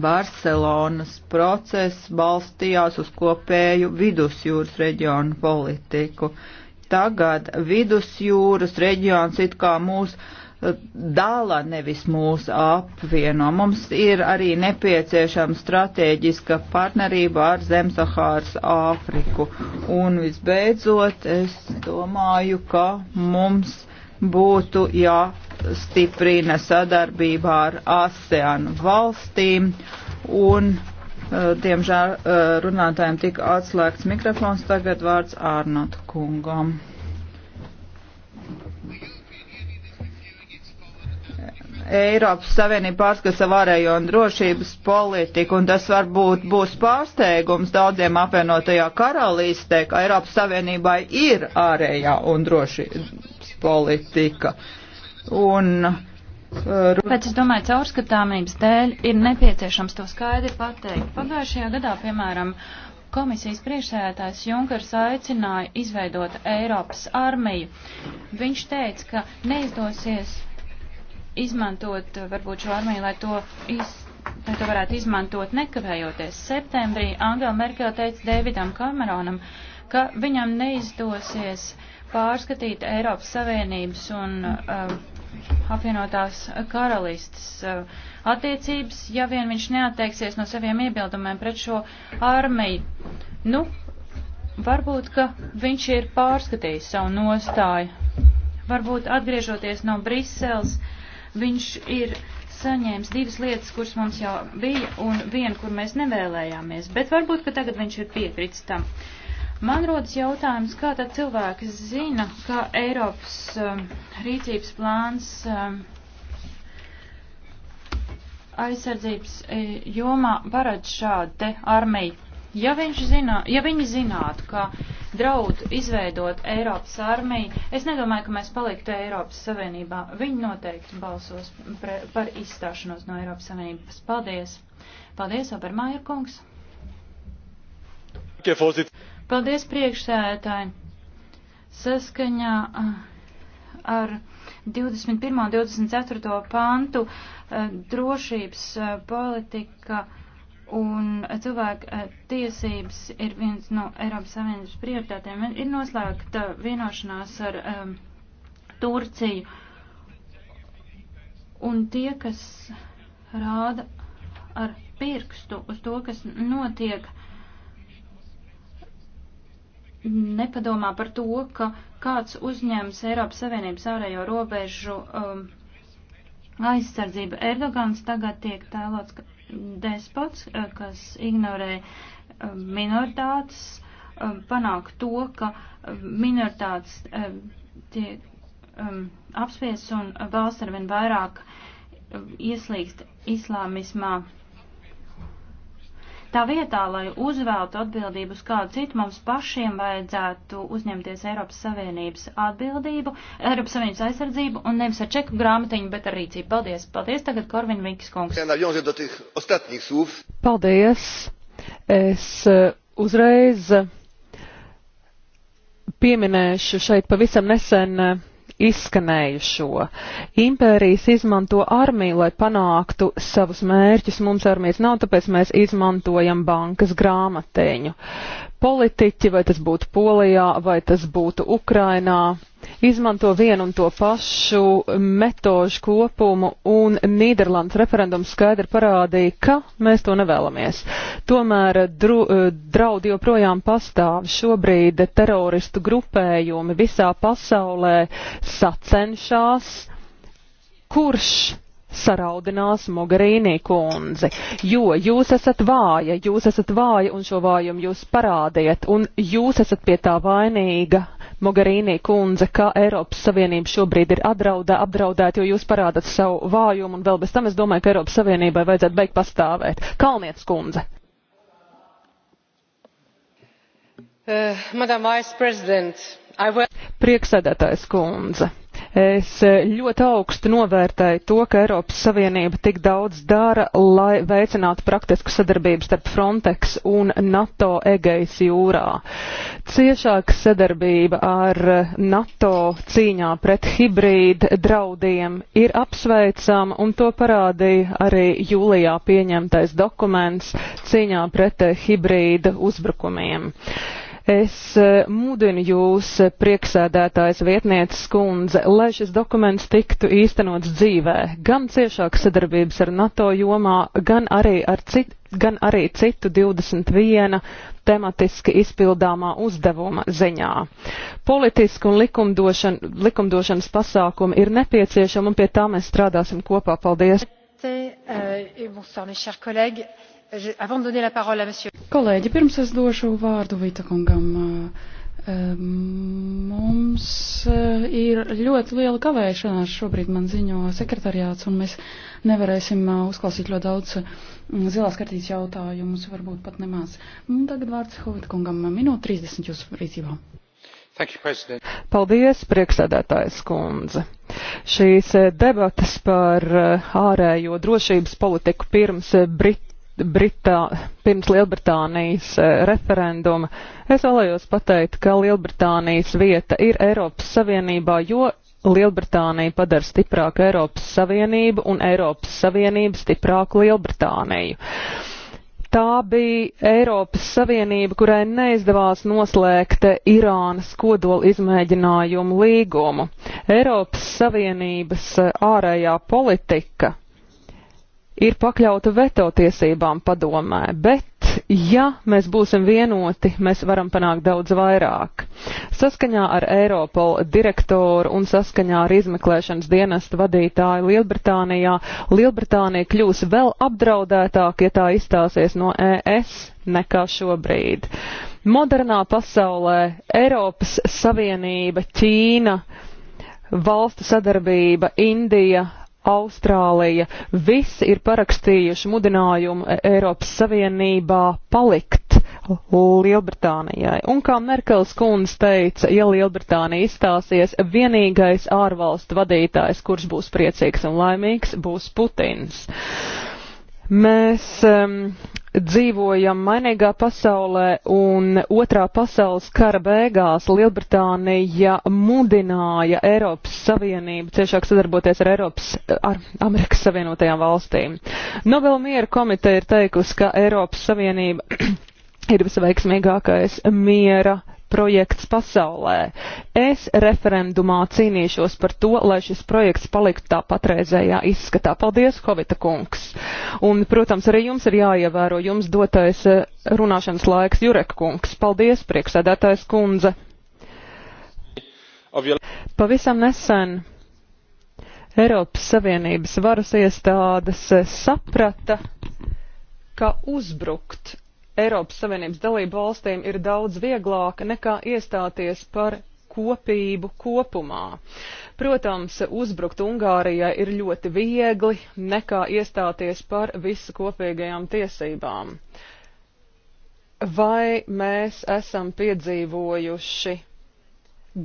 Barcelonas process balstījās uz kopēju vidusjūras reģionu politiku. Uh, tagad vidusjūras reģions it kā mūs eh, dala, nevis mūs apvieno. Mums ir arī nepieciešama stratēģiska partnerība ar Zemsahāras Āfriku. Un visbeidzot, es domāju, ka mums būtu jāstiprina sadarbībā ar ASEAN valstīm un Eh, diemžēl eh, runātājiem tika atslēgts mikrofons, tagad vārds Ārnat kungam. Eiropas Savienība pārskata savu ārējo un drošības politiku, un tas varbūt būs pārsteigums daudziem apvienotajā karalīstē, ka Eiropas Savienībai ir ārējā un drošības politika. Un uh, Pēc es domāju, caurskatāmības dēļ ir nepieciešams to skaidri pateikt. Pagājušajā gadā, piemēram, komisijas priekšsēdētājs Junkers aicināja izveidot Eiropas armiju. Viņš teica, ka neizdosies izmantot varbūt šo armiju, lai to, iz, lai to varētu izmantot nekavējoties. Septembrī Angela Merkel teica Davidam Kameronam, ka viņam neizdosies pārskatīt Eiropas Savienības un uh, apvienotās karalistas eh, attiecības, ja vien viņš neatteiksies no saviem iebildumiem pret šo armiju. Nu, varbūt, ka viņš ir pārskatījis savu nostāju. Varbūt atgriežoties no Briseles, viņš ir saņēmis divas lietas, kuras mums jau bija, un vienu, kur mēs nevēlējāmies, bet varbūt, ka tagad viņš ir piekritis tam. Uh, Man rodas jautājums, kā tad cilvēki zina, ka Eiropas um, rīcības plāns um, aizsardzības e, jomā parāda šādu te armiju. Ja, zinā, ja viņi zinātu, ka draud izveidot Eiropas armiju, es nedomāju, ka mēs paliktu Eiropas Savienībā. Viņi noteikti balsos pre, par izstāšanos no Eiropas Savienības. Paldies! Paldies, Obermājer kungs! Herr Vorsitzender! Paldies priekšsēdētāji. Saskaņā ah, ar 21. un 24. pantu eh, drošības eh, politika un eh, cilvēku tiesības ir viens no Eiropas Savienības prioritātēm. Ir noslēgta vienošanās ar um, Turciju. Un tie, kas rāda ar pirkstu uz to, kas notiek, uh, nepadomā par to, ka kāds uzņēmis Eiropas Savienības ārējo robežu um, aizsardzību. Erdogans tagad tiek tēlots despots, uh, kas ignorē um, minoritātes, um, panāk to, ka um, minoritātes tiek um, apspies un uh, valsts arvien vairāk ieslīgst islāmismā. Tā vietā, lai uzvēltu atbildību uz kādu citu, mums pašiem vajadzētu uzņemties Eiropas Savienības atbildību, Eiropas Savienības aizsardzību un nevis ar čeku grāmatiņu, bet ar rīcību. Paldies! Paldies tagad Korvin Vinkas kungs. Paldies! Es eh, uzreiz pieminēšu šeit pavisam nesen eh, izskanējušo. Impērijas izmanto armiju, lai panāktu savus mērķus. Mums armijas nav, tāpēc mēs izmantojam bankas grāmatiņu. Politiķi, vai tas būtu Polijā, vai tas būtu Ukrainā, izmanto vienu un to pašu metožu kopumu, un Nīderlandes referendums skaidri parādīja, ka mēs to nevēlamies. Tomēr dru, eh, draudi joprojām pastāv. Šobrīd teroristu grupējumi visā pasaulē sacenšās, kurš saraudinās Mogherīnī kundzi, jo jūs esat vāja, jūs esat vāja un šo vājumu jūs parādiet, un jūs esat pie tā vainīga. Mogherīnī kundze, kā Eiropas Savienība šobrīd ir atraudā, apdraudēta, jo jūs parādat savu vājumu, un vēl bez tam es domāju, ka Eiropas Savienībai vajadzētu beigt pastāvēt. Kalniets kundze. Uh, will... Prieksēdētājs kundze Es e, ļoti augstu novērtēju to, ka Eiropas Savienība tik daudz dara, lai veicinātu praktisku sadarbību starp Frontex un NATO Egejas jūrā. Ciešāka sadarbība ar e, NATO cīņā pret hibrīd draudiem ir apsveicama, un to parādīja arī jūlijā pieņemtais dokuments cīņā pret e, hibrīda uzbrukumiem. Uh, Es eh, mudinu jūs, eh, prieksēdētājs vietnieces kundze, lai šis dokuments tiktu īstenots dzīvē, gan ciešāk sadarbības ar NATO jomā, gan arī ar citu gan arī citu 21 tematiski izpildāmā uzdevuma ziņā. Politiski un likumdošana, likumdošanas pasākumi ir nepieciešami, un pie tā mēs strādāsim kopā. Paldies! Eh, Kolēģi, pirms es došu vārdu Vitakungam, eh, eh, mums eh, ir ļoti liela kavēšanās šobrīd man ziņo sekretariāts, un mēs nevarēsim uzklausīt ļoti daudz mm, zilās kartītes jautājumus, varbūt pat nemaz. Tagad vārds Vitakungam, minūte 30 jūsu rīcībā. You, Paldies, priekšsēdētājs kundze. Šīs debatas par ārējo drošības politiku pirms Brit Britā, pirms Lielbritānijas eh, referenduma. Es vēlējos pateikt, ka Lielbritānijas vieta ir Eiropas Savienībā, jo Lielbritānija padara stiprāku Eiropas Savienību un Eiropas Savienību stiprāku Lielbritāniju. Tā bija Eiropas Savienība, kurai neizdevās noslēgt Irānas kodola izmēģinājumu līgumu. Eiropas Savienības eh, ārējā politika ir pakļauta veto tiesībām padomē, bet, ja mēs būsim vienoti, mēs varam panākt daudz vairāk. Saskaņā ar Eiropola direktoru un saskaņā ar izmeklēšanas dienestu vadītāju Lielbritānijā, Lielbritānija kļūs vēl apdraudētāk, ja tā izstāsies no ES nekā šobrīd. Modernā pasaulē Eiropas Savienība, Ķīna, valstu sadarbība, Indija, Austrālija, visi ir parakstījuši mudinājumu e- Eiropas Savienībā palikt Lielbritānijai. Un kā Merkels kundze teica, ja Lielbritānija izstāsies, vienīgais ārvalstu vadītājs, kurš būs priecīgs un laimīgs, būs Putins. Mēs um, dzīvojam mainīgā pasaulē un otrā pasaules kara beigās Lielbritānija mudināja Eiropas Savienību ciešāk sadarboties ar Eiropas, ar Amerikas Savienotajām valstīm. Nobel miera komiteja ir teikusi, ka Eiropas Savienība [CLEARS THROAT] ir visveiksmīgākais miera projekts pasaulē. Es referendumā cīnīšos par to, lai šis projekts paliktu tā patreizējā izskatā. Paldies, Hovita kungs! Un, protams, arī jums ir jāievēro jums dotais eh, runāšanas laiks, Jurek kungs. Paldies, priekšsēdētājs kundze! Pavisam nesen Eiropas Savienības varas iestādes eh, saprata, ka uzbrukt Eiropas Savienības dalību valstīm ir daudz vieglāka nekā iestāties par kopību kopumā. Protams, uzbrukt Ungārijai ir ļoti viegli nekā iestāties par visu kopīgajām tiesībām. Vai mēs esam piedzīvojuši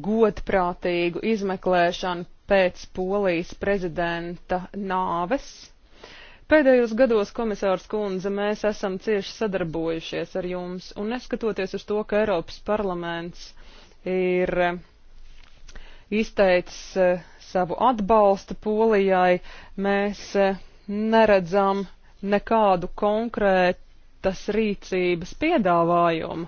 godprātīgu izmeklēšanu pēc polijas prezidenta nāves? Pēdējos gados, komisārs kundze, mēs esam cieši sadarbojušies ar jums, un neskatoties uz to, ka Eiropas parlaments ir eh, izteicis eh, savu atbalstu Polijai, mēs eh, neredzam nekādu konkrētu tas rīcības piedāvājumu.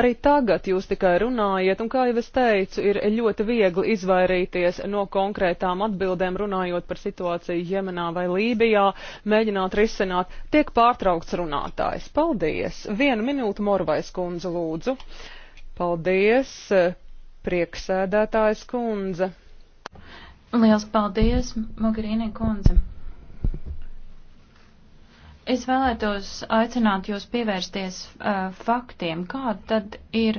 Arī tagad jūs tikai runājat, un kā jau es teicu, ir ļoti viegli izvairīties no konkrētām atbildēm runājot par situāciju Jemenā vai Lībijā, mēģināt risināt. Tiek pārtraukts runātājs. Paldies! Vienu minūtu Morvais kundze lūdzu. Paldies, prieksēdētājs kundze. Liels paldies, Mogherīne kundze. Es vēlētos aicināt jūs pievērsties uh, faktiem, kāda tad ir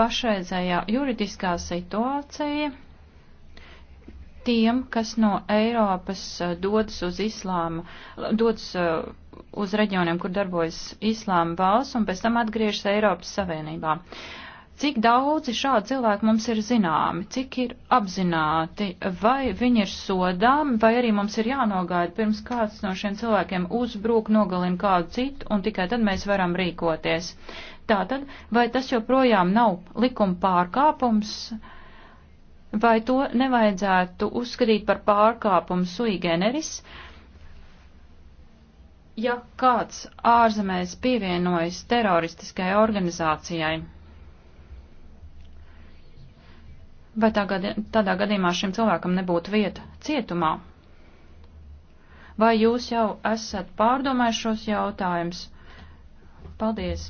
pašreizējā juridiskā situācija tiem, kas no Eiropas uh, dodas uz islāmu, dodas uh, uz reģioniem, kur darbojas islāma valsts un pēc tam atgriežas Eiropas Savienībā. Uh, Cik daudzi šādi cilvēki mums ir zināmi, cik ir apzināti, vai viņi ir sodāmi, vai arī mums ir jānogaida pirms kāds no šiem cilvēkiem uzbrūk, nogalina kādu citu, un tikai tad mēs varam rīkoties. Tātad, vai tas joprojām nav likuma pārkāpums, vai to nevajadzētu uzskatīt par pārkāpumu sui generis? ja kāds ārzemēs pievienojas teroristiskai organizācijai. Vai tā gadi, tādā gadījumā šim cilvēkam nebūtu vieta cietumā? Vai jūs jau esat pārdomājuši šos jautājumus? Paldies!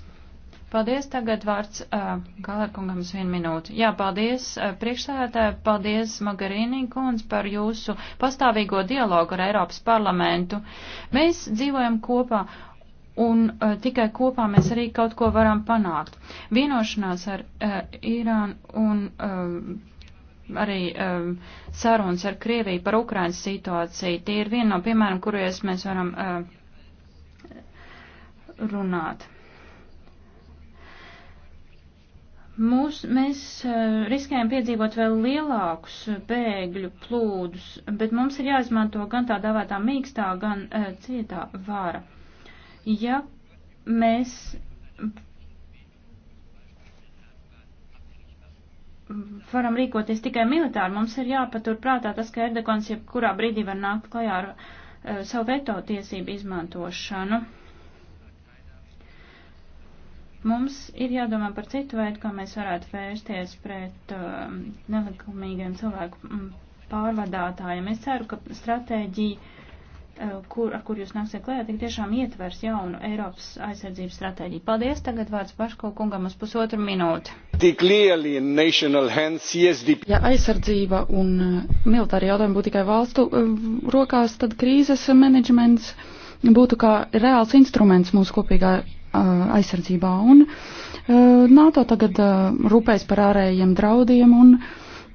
Paldies, tagad vārds uh, Galerkungam uz vienu minūti. Jā, paldies uh, priekšsēdētāji, paldies Magarīnī kundz par jūsu pastāvīgo dialogu ar Eiropas parlamentu. Mēs dzīvojam kopā un uh, tikai kopā mēs arī kaut ko varam panākt. Vienošanās ar uh, Irānu un uh, arī um, sarunas ar Krieviju par Ukrainas situāciju. Tie ir viena no piemēram, kuries mēs varam uh, runāt. Mūs, mēs uh, riskējam piedzīvot vēl lielākus bēgļu plūdus, bet mums ir jāizmanto gan tā dāvētā mīkstā, gan uh, cietā vāra. Ja mēs varam rīkoties tikai militāri. Mums ir jāpatur prātā tas, ka Erdogans jebkurā brīdī var nākt klajā ar uh, savu veto tiesību izmantošanu. Mums ir jādomā par citu veidu, kā mēs varētu vērsties pret uh, nelikumīgiem cilvēku pārvadātājiem. Es ceru, ka stratēģija Eh, kur, ar kur jūs nāksiet klējā, tik tiešām ietvers jaunu Eiropas aizsardzības stratēģiju. Paldies, tagad vārds Paško kungam uz pusotru minūti. Ja aizsardzība un eh, militāri jautājumi būtu tikai valstu eh, rokās, tad krīzes menedžments būtu kā reāls instruments mūsu kopīgā aizsardzībā. Un NATO tagad rūpēs par ārējiem draudiem un uh,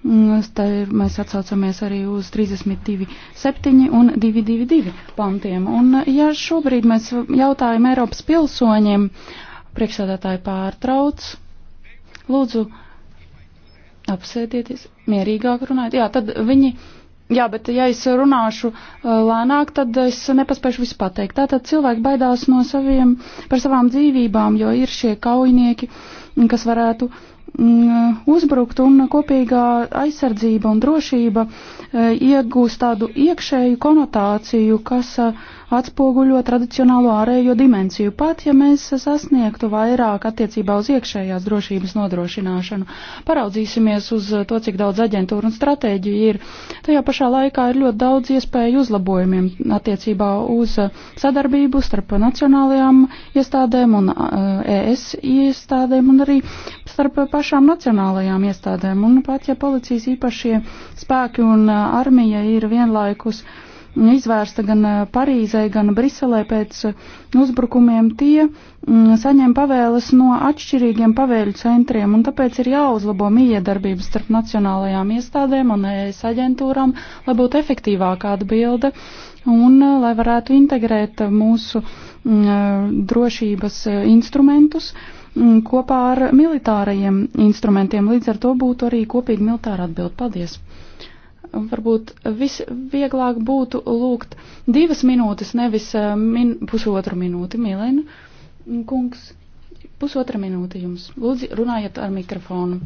Mm, Tā ir, mēs atsaucamies arī uz 32.7 un 2.22 pantiem. Un ja šobrīd mēs jautājam Eiropas pilsoņiem, priekšsēdētāji pārtrauc, lūdzu apsēdieties, mierīgāk runājiet. Jā, tad viņi. Jā, bet ja es runāšu uh, lēnāk, tad es nepaspēšu visu pateikt. Tātad cilvēki baidās no saviem, par savām dzīvībām, jo ir šie kaujinieki, kas varētu uh, Mm, uzbrukt un kopīgā aizsardzība un drošība e, iegūst tādu iekšēju konotāciju, kas e, atspoguļo tradicionālo ārējo dimensiju, pat ja mēs sasniegtu vairāk attiecībā uz iekšējās drošības nodrošināšanu. Paraudzīsimies uz to, cik daudz aģentūru un stratēģiju ir. Tajā pašā laikā ir ļoti daudz iespēju uzlabojumiem attiecībā uz e, sadarbību starp nacionālajām iestādēm un ES iestādēm un arī starp pašām nacionālajām iestādēm. Un pat ja policijas īpašie spēki un uh, armija ir vienlaikus izvērsta gan uh, Parīzē, gan Briselē pēc uh, uzbrukumiem, tie mm, saņem pavēles no atšķirīgiem pavēļu centriem, un tāpēc ir jāuzlabo miedarbības starp nacionālajām iestādēm un ES aģentūrām, lai būtu efektīvāka atbilde un lai varētu integrēt mūsu mm, drošības instrumentus Mm, kopā ar militārajiem instrumentiem. Līdz ar to būtu arī kopīgi militāra atbild. Paldies! Varbūt visvieglāk būtu lūgt divas minūtes, nevis eh, min, pusotru minūti, Milena. Mm, kungs, pusotra minūte jums. Lūdzu, runājiet ar mikrofonu.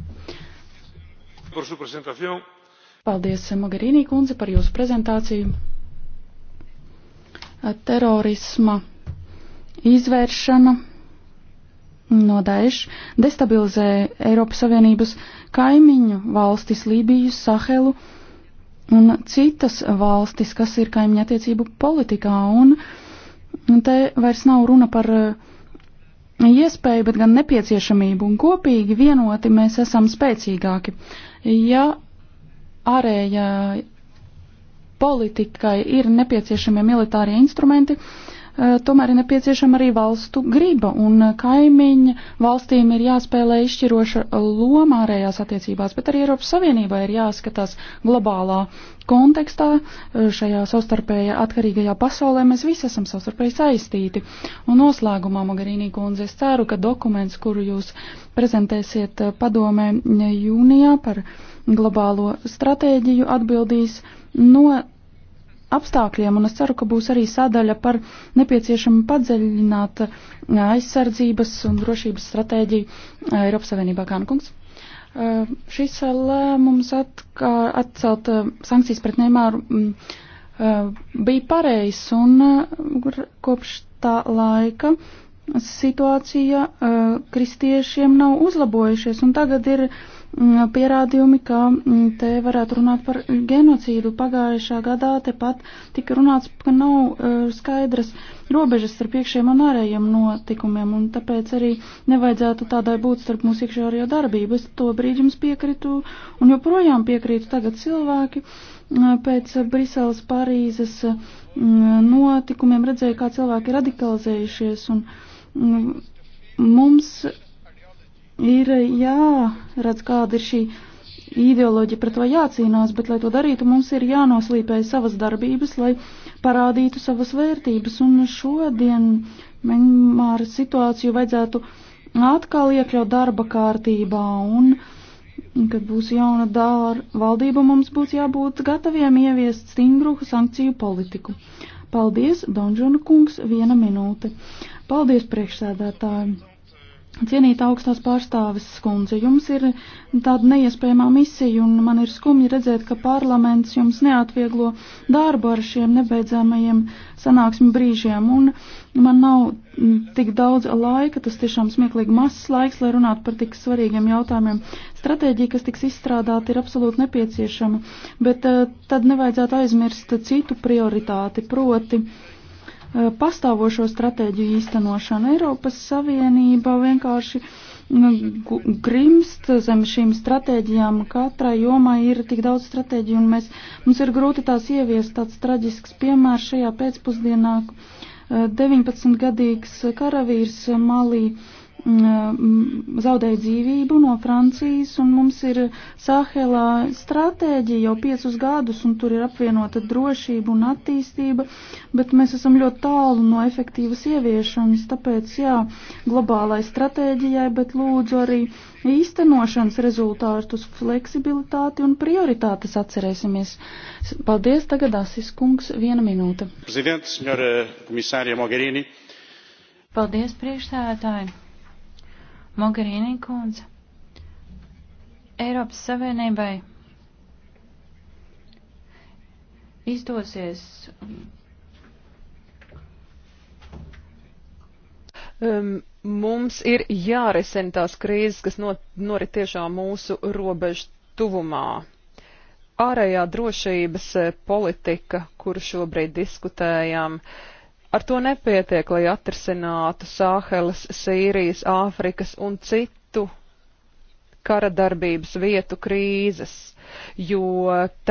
Paldies, eh, Magarīnī kundze, par jūsu prezentāciju. Eh, terorisma izvēršana no Daesh destabilizē Eiropas Savienības kaimiņu valstis Lībiju, Sahelu un citas valstis, kas ir kaimiņa attiecību politikā. Un te vairs nav runa par eh, iespēju, bet gan nepieciešamību, un kopīgi vienoti mēs esam spēcīgāki. Ja ārējā politikai ir nepieciešami militārie instrumenti, uh, Eh, tomēr ir nepieciešama arī valstu griba, un eh, kaimiņa valstīm ir jāspēlē izšķiroša loma ārējās attiecībās, bet arī Eiropas Savienībai ir jāskatās globālā kontekstā, eh, šajā savstarpējā atkarīgajā pasaulē mēs visi esam savstarpēji saistīti. Un noslēgumā, Magarīnī kundze, es ceru, ka dokuments, kuru jūs prezentēsiet padomē jūnijā par globālo stratēģiju, atbildīs no apstākļiem, un es ceru, ka būs arī sadaļa par nepieciešamu padziļināt eh, aizsardzības un drošības stratēģiju eh, Eiropas Savienībā Kankungs. Eh, šis lēmums atkā, atcelt sankcijas pret Neimāru mm, bija pareizs, un kopš tā laika situācija kristiešiem nav uzlabojušies, un tagad ir uh, Mm, pierādījumi, ka mm, te varētu runāt par genocīdu. Pagājušā gadā tepat tika runāts, ka nav e, skaidras robežas starp iekšējiem un ārējiem notikumiem, un tāpēc arī nevajadzētu tādai būt starp mūsu iekšējo darbību. Es to brīdi jums piekritu, un joprojām piekrītu tagad cilvēki mm, pēc Briseles, Parīzes notikumiem redzēju, kā cilvēki radikalizējušies, un mums ir eh, jāredz, kāda ir šī ideoloģija, pret to jācīnās, bet, lai to darītu, mums ir jānoslīpē savas darbības, lai parādītu savas vērtības. Un šodien Mianmāra situāciju vajadzētu atkal iekļaut darba kārtībā. Un, kad būs jauna dāra valdība, mums būs jābūt gataviem ieviest stingru sankciju politiku. Paldies, Donžona kungs, viena minūte. Paldies, priekšsēdētāji! Cienīta augstās pārstāvis skundze, jums ir tāda neiespējamā misija, un man ir skumji redzēt, ka parlaments jums neatvieglo darbu ar šiem nebeidzamajiem sanāksmi brīžiem, un man nav mm, tik daudz laika, tas tiešām smieklīgi mazs laiks, lai runātu par tik svarīgiem jautājumiem. Stratēģija, kas tiks izstrādāta, ir absolūti nepieciešama, bet eh, tad nevajadzētu aizmirst citu prioritāti, proti Eh, pastāvošo stratēģiju īstenošanu. Eiropas Savienība vienkārši mm, grimst zem šīm stratēģijām. Katrā jomā ir tik daudz stratēģiju, un mēs, mums ir grūti tās ieviest. Tāds traģisks piemērs šajā pēcpusdienā 19-gadīgs eh, karavīrs Malī Mm, zaudēja dzīvību no Francijas, un mums ir Sahelā stratēģija jau piecus gadus, un tur ir apvienota drošība un attīstība, bet mēs esam ļoti tālu no efektīvas ieviešanas, tāpēc jā, globālai stratēģijai, bet lūdzu arī īstenošanas rezultātus, fleksibilitāti un prioritātes atcerēsimies. Paldies, tagad Asis kungs, viena minūte. Paldies, priekšsēdētāji. Mogherīnī kundze, Eiropas Savienībai izdosies um, mums ir jārisina tās krīzes, kas not, norit tiešām mūsu robežu tuvumā. Ārējā drošības eh, politika, kuru šobrīd diskutējam, uh, Ar to nepietiek, lai atrisinātu Sāheles, Sīrijas, Āfrikas un citu kara darbības vietu krīzes, jo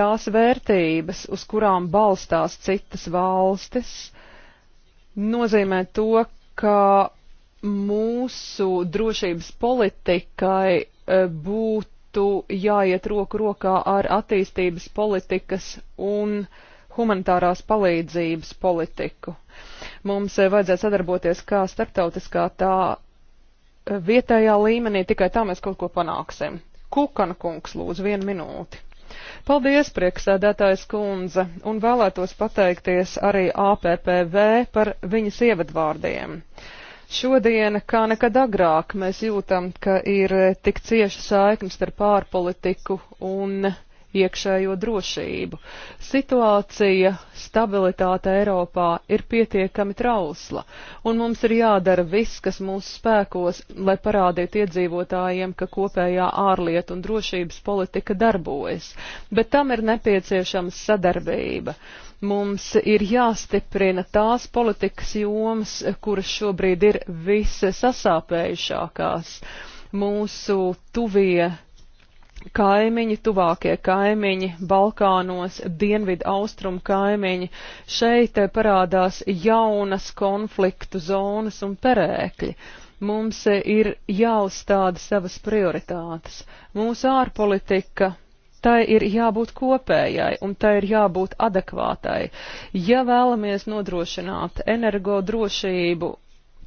tās vērtības, uz kurām balstās citas valstis, nozīmē to, ka mūsu drošības politikai e, būtu jāiet roku rokā ar attīstības politikas un uh, humanitārās palīdzības politiku. Mums eh, vajadzētu sadarboties kā starptautiskā, tā eh, vietējā līmenī, tikai tā mēs kaut ko panāksim. Kukana kungs, lūdzu, vienu minūti. Paldies, prieksēdētājs kundze, un vēlētos pateikties arī APPV par viņas ievadvārdiem. Šodien, kā nekad agrāk, mēs jūtam, ka ir eh, tik cieša saiknes starp ārpolitiku un iekšējo drošību. Situācija, stabilitāte Eiropā ir pietiekami trausla, un mums ir jādara viss, kas mūsu spēkos, lai parādītu iedzīvotājiem, ka kopējā ārlietu un drošības politika darbojas, bet tam ir nepieciešama sadarbība mums ir jāstiprina tās politikas jomas, kuras šobrīd ir vissasāpējušākās. Mūsu tuvie kaimiņi, tuvākie kaimiņi, Balkānos, dienvidu austrumu kaimiņi. Šeit eh, parādās jaunas konfliktu zonas un perēkļi. Mums eh, ir jāuzstāda savas prioritātes. Mūsu ārpolitika tai ir jābūt kopējai un tai ir jābūt adekvātai. Ja vēlamies nodrošināt energo drošību,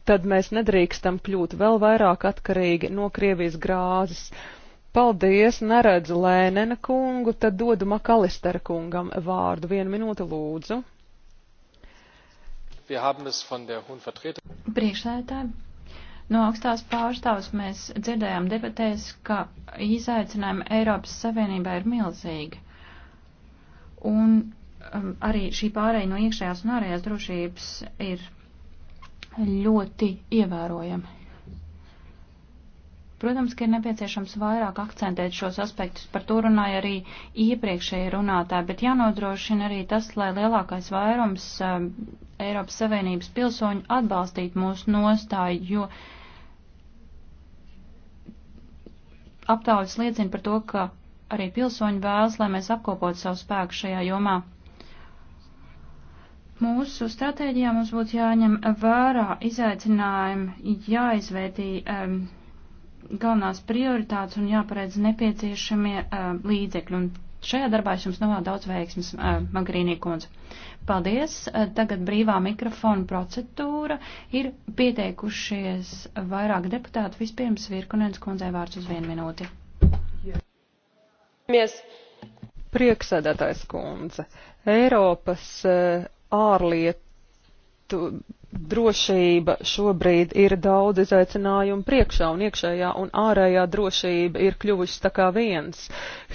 tad mēs nedrīkstam kļūt vēl vairāk atkarīgi no Krievijas grāzes. Paldies, neredzu Lēnena kungu, tad dodu Makalistera kungam vārdu. Vienu minūti lūdzu. Priekšsēdētāji, no augstās pārstāvs mēs dzirdējām debatēs, ka izaicinājumi Eiropas Savienībā ir milzīgi. Un um, arī šī pārēja no iekšējās un ārējās drošības ir ļoti ievērojami. Protams, ka ir nepieciešams vairāk akcentēt šos aspektus, par to runāja arī iepriekšēji runātāji, bet jānodrošina arī tas, lai lielākais vairums um, Eiropas Savienības pilsoņu atbalstītu mūsu nostāju, jo aptaujas liecina par to, ka arī pilsoņi vēlas, lai mēs apkopotu savu spēku šajā jomā. Mūsu stratēģijā mums būtu jāņem vērā izaicinājumi, jāizvērtī. Um, galvenās prioritātes un jāparedz nepieciešamie uh, līdzekļi. Un šajā darbā es jums novēlu daudz veiksmes, uh, Magrīnī kundze. Paldies. Uh, tagad brīvā mikrofona procedūra ir pieteikušies vairāk deputātu. Vispirms Virkunens kundzei vārds uz vienu minūti. Yeah. Prieksēdētājs kundze. Eiropas uh, ārlietu drošība šobrīd ir daudz izaicinājumu priekšā, un iekšējā un ārējā drošība ir kļuvusi tā kā viens.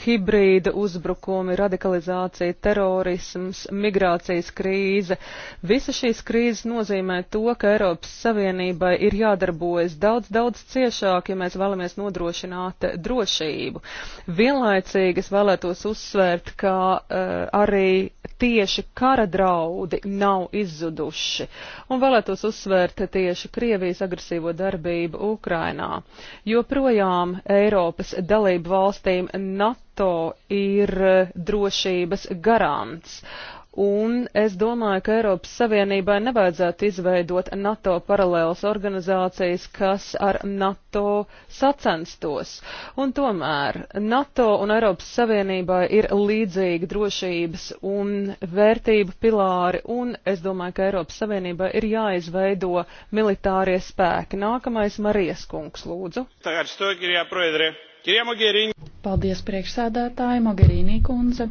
Hibrīda uzbrukumi, radikalizācija, terorisms, migrācijas krīze. Visa šīs krīzes nozīmē to, ka Eiropas Savienībai ir jādarbojas daudz, daudz ciešāk, ja mēs vēlamies nodrošināt drošību. Vienlaicīgi es vēlētos uzsvērt, ka uh, arī tieši kara draudi nav izzuduši. Un vēlētos uzsvērt tieši Krievijas agresīvo darbību Ukrainā. Joprojām Eiropas dalību valstīm NATO ir drošības garants. Uh, Un es domāju, ka Eiropas Savienībai nevajadzētu izveidot NATO paralēlas organizācijas, kas ar NATO sacenstos. Un tomēr NATO un Eiropas Savienībai ir līdzīgi drošības un vērtību pilāri, un es domāju, ka Eiropas Savienībai ir jāizveido militārie spēki. Nākamais Marijas kungs, lūdzu. Paldies priekšsēdētāji, Mogherīnī kundze.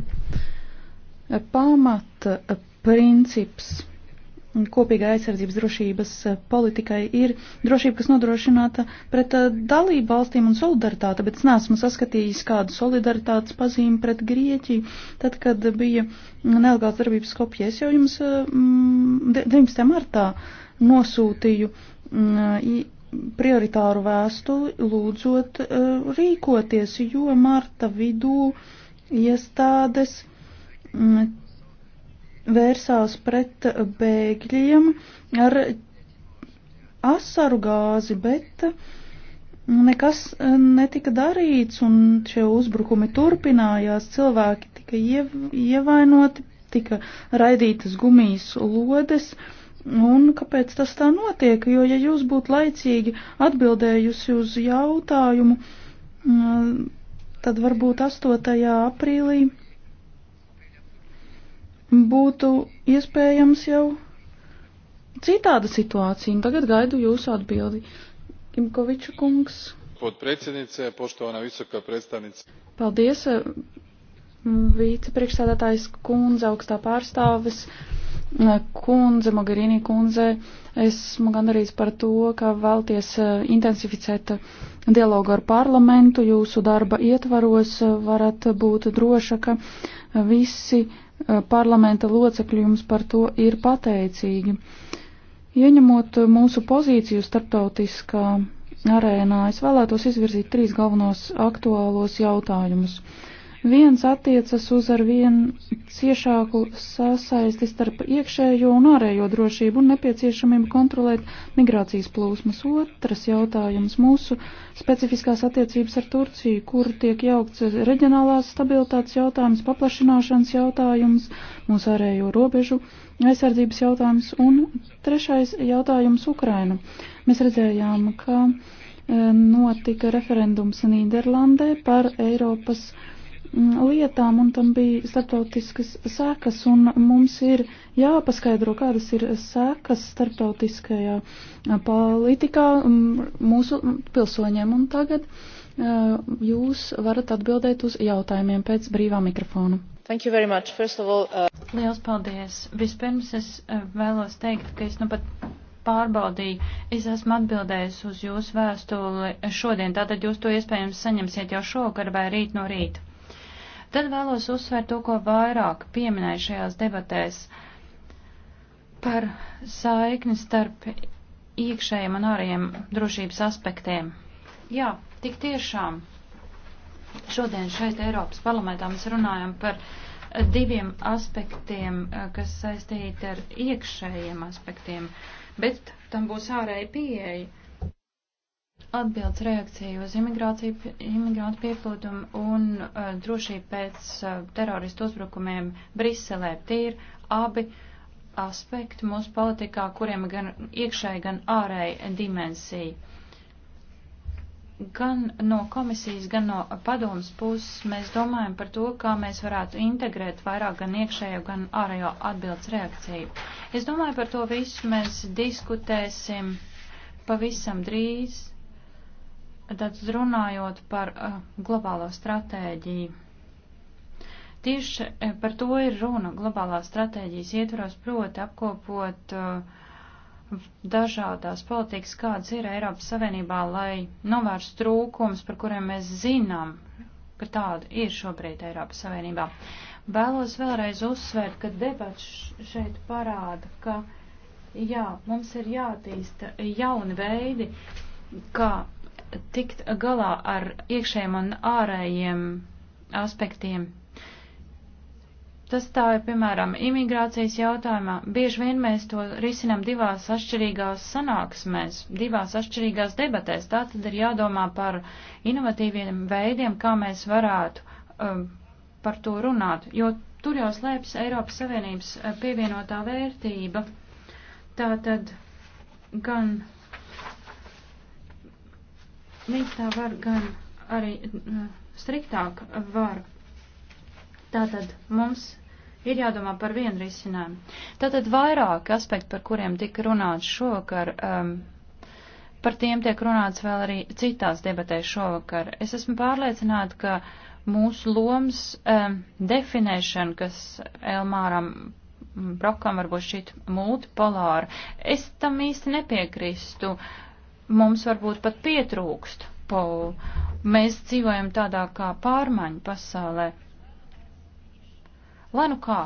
Pamata princips kopīgai aizsardzības drošības politikai ir drošība, kas nodrošināta pret eh, dalību valstīm un solidaritāte, bet es neesmu saskatījis kādu solidaritātes pazīmi pret Grieķiju, tad, kad bija nelegāls darbības kopija. Es jau jums 19. Eh, martā nosūtīju mm, prioritāru vēstuli, lūdzot eh, rīkoties, jo marta vidū iestādes. Ja Mm, vērsās pret bēgļiem ar asaru gāzi, bet nekas netika darīts un šie uzbrukumi turpinājās, cilvēki tika iev ievainoti, tika raidītas gumijas lodes. Un kāpēc tas tā notiek? Jo, ja jūs būtu laicīgi atbildējusi uz jautājumu, mm, tad varbūt 8. aprīlī būtu iespējams jau citāda situācija, un tagad gaidu jūsu atbildi. Imkoviča kungs. Podpredsednice, poštovana visoka predstavnice. Paldies, vicepriekšstādātājs kundze, augstā pārstāvis kundze, Mogherini kundze, esmu gandarīts par to, ka vēlties e, intensificēt dialogu ar parlamentu, jūsu darba ietvaros varat būt droša, ka visi Eh, parlamenta locekļi jums par to ir pateicīgi. Ieņemot mūsu pozīciju starptautiskā arēnā, es vēlētos izvirzīt trīs galvenos aktuālos jautājumus. Viens attiecas uz arvien ciešāku sasaisti starp iekšējo un ārējo drošību un nepieciešamību kontrolēt migrācijas plūsmas. Otrs jautājums - mūsu specifiskās attiecības ar Turciju, kur tiek jaukts reģionālās stabilitātes jautājums, paplašināšanas jautājums, mūsu ārējo robežu aizsardzības jautājums un trešais jautājums - Ukrainu. Mēs redzējām, ka eh, notika referendums Nīderlandē par Eiropas lietām, un tam bija starptautiskas sekas, un mums ir jāpaskaidro, kādas ir sekas starptautiskajā politikā mūsu pilsoņiem. Un tagad jūs varat atbildēt uz jautājumiem pēc brīvā mikrofona. All, uh... Liels paldies! Vispirms es vēlos teikt, ka es nu pat pārbaudīju. Es esmu atbildējis uz jūsu vēstuli šodien, tātad jūs to iespējams saņemsiet jau šogad vai rīt no rīta. Tad vēlos uzsvērt to, ko vairāk pieminēju šajās debatēs par saikni starp iekšējiem un ārējiem drošības aspektiem. Jā, tik tiešām šodien šeit Eiropas parlamentā mēs runājam par diviem aspektiem, kas saistīti ar iekšējiem aspektiem, bet tam būs ārēja pieeja atbildes reakcija uz imigrantu pieplūdumu un uh, drošību pēc uh, teroristu uzbrukumiem Briselē. Tie ir abi aspekti mūsu politikā, kuriem gan iekšēji, gan ārēji dimensija. Gan no komisijas, gan no padomas puses mēs domājam par to, kā mēs varētu integrēt vairāk gan iekšējo, gan ārējo atbildes reakciju. Es domāju, par to visu mēs diskutēsim pavisam drīz Tad runājot par uh, globālo stratēģiju. Tieši eh, par to ir runa globālās stratēģijas ietvaros, proti apkopot uh, dažādās politikas, kādas ir Eiropas Savienībā, lai novērstu trūkums, par kuriem mēs zinām, ka tāda ir šobrīd Eiropas Savienībā. Vēlos vēlreiz uzsvērt, ka debats šeit parāda, ka jā, mums ir jātīsta jauni veidi, kā tikt galā ar iekšējiem un ārējiem aspektiem. Tas tā ir, piemēram, imigrācijas jautājumā. Bieži vien mēs to risinam divās atšķirīgās sanāksmēs, divās atšķirīgās debatēs. Tā tad ir jādomā par inovatīviem veidiem, kā mēs varētu um, par to runāt, jo tur jau slēpjas Eiropas Savienības uh, pievienotā vērtība. Tā tad gan Viņi tā var gan arī striktāk var. Tātad mums ir jādomā par vienu risinājumu. Tātad vairāki aspekti, par kuriem tika runāts šovakar, um, par tiem tiek runāts vēl arī citās debatēs šovakar. Es esmu pārliecināta, ka mūsu lomas um, definēšana, kas Elmāram Brokam varbūt šķiet multipolāra, es tam īsti nepiekrīstu. Uh, mums varbūt pat pietrūkst. Po, mēs dzīvojam tādā kā pārmaiņu pasaulē. Lai nu kā.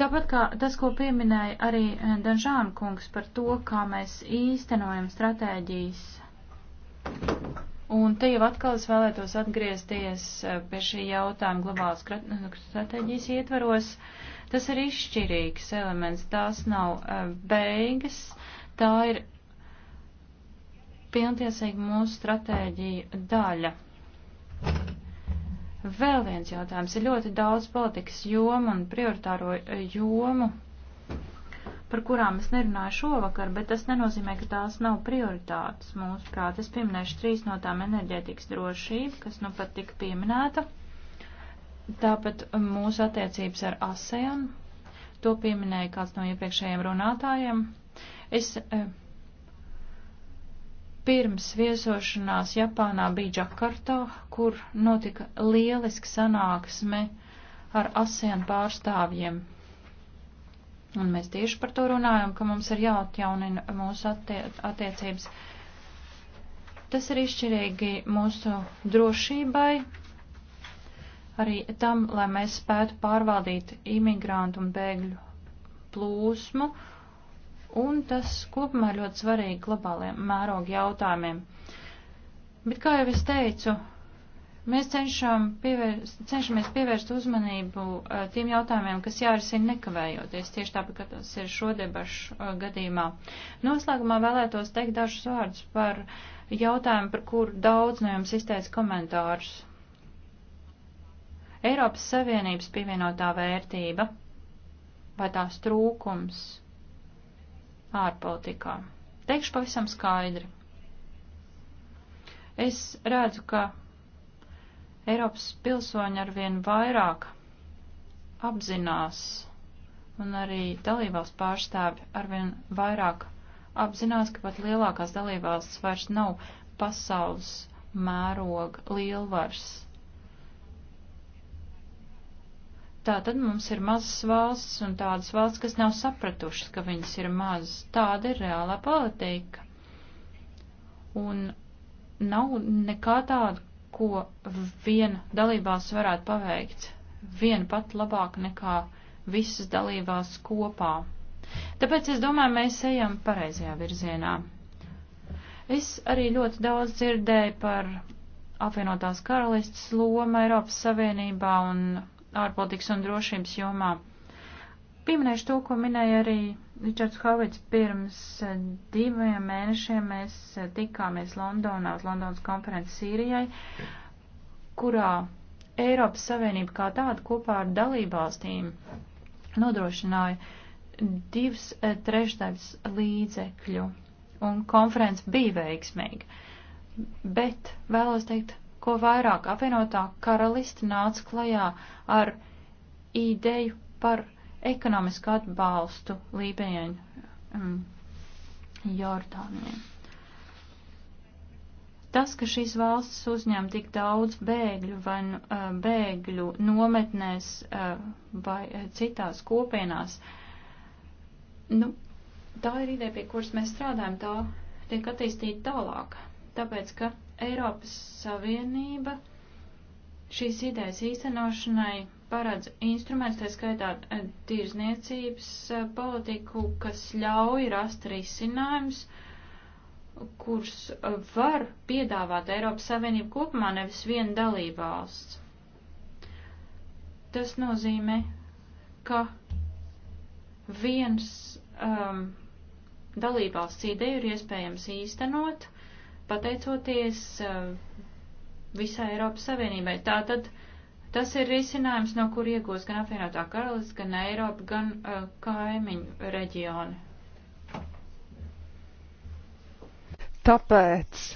Tāpat kā tas, ko pieminēja arī Danžāna kungs par to, kā mēs īstenojam stratēģijas. Un te jau atkal es vēlētos atgriezties eh, pie šī jautājuma globālas stratēģijas ietvaros. Tas ir izšķirīgs elements, tās nav eh, beigas, tā ir pilntiesīgi mūsu stratēģija daļa. Vēl viens jautājums. Ir ļoti daudz politikas jomu un prioritāro jomu, par kurām es nerunāju šovakar, bet tas nenozīmē, ka tās nav prioritātes. Mūsuprāt, es pieminēšu trīs no tām enerģētikas drošību, kas nu pat tika pieminēta. Tāpat mūsu attiecības ar ASEAN. To pieminēja kāds no iepriekšējiem runātājiem. Es, eh, pirms viesošanās Japānā bija Džakartā, kur notika lieliski sanāksme ar ASEAN pārstāvjiem. Un mēs tieši par to runājam, ka mums ir jāatjaunina mūsu attie attiecības. Tas ir izšķirīgi mūsu drošībai, arī tam, lai mēs spētu pārvaldīt imigrantu un bēgļu plūsmu un tas kopumā ir ļoti svarīgi globāliem mērogu jautājumiem. Bet, kā jau es teicu, mēs cenšam pievērst, cenšamies pievērst uzmanību tiem jautājumiem, kas jārisina nekavējoties, tieši tāpat, kā tas ir šo debašu gadījumā. Noslēgumā vēlētos teikt dažus vārdus par jautājumu, par kuru daudz no jums izteica komentārus. Eiropas Savienības pievienotā vērtība vai tās trūkums ārpolitikā. Teikšu pavisam skaidri. Es redzu, ka Eiropas pilsoņi arvien vairāk apzinās, un arī dalībvalsts pārstāvi arvien vairāk apzinās, ka pat lielākās dalībvalsts vairs nav pasaules mēroga lielvars. Tā tad mums ir mazas valsts un tādas valsts, kas nav sapratušas, ka viņas ir mazas. Tāda ir reālā politika. Un nav nekā tāda, ko viena dalībās varētu paveikt. Viena pat labāk nekā visas dalībās kopā. Tāpēc es domāju, mēs ejam pareizajā virzienā. Es arī ļoti daudz dzirdēju par apvienotās karalistas lomu Eiropas Savienībā un ārpolitikas un drošības jomā. Pieminēšu to, ko minēja arī Ričards Hovits. Pirms eh, diviem mēnešiem mēs eh, tikāmies Londonā uz Londonas konferences Sīrijai, kurā Eiropas Savienība kā tāda kopā ar dalībvalstīm nodrošināja divas eh, trešdaļas līdzekļu, un konference bija veiksmīga. Bet vēlos teikt ko vairāk apvienotā karalista nāca klajā ar ideju par ekonomisku atbalstu Lībijai um, Jordānijai. Tas, ka šīs valstis uzņem tik daudz bēgļu vai uh, bēgļu nometnēs uh, vai uh, citās kopienās, nu, tā ir ideja, pie kuras mēs strādājam, tā tiek attīstīta tālāk. Tāpēc, ka Eiropas Savienība šīs idejas īstenošanai paredz instruments, tā skaitā eh, tirzniecības eh, politiku, kas ļauj rast risinājums, kurus eh, var piedāvāt Eiropas Savienību kopumā, nevis viena dalībvalsts. Tas nozīmē, ka viens um, dalībvalsts ideju ir iespējams īstenot, uh, pateicoties eh, visā Eiropas Savienībai. Tātad tas ir risinājums, no kur iegūs gan apvienotā karalists, gan Eiropa, gan uh, kaimiņu reģioni. Tāpēc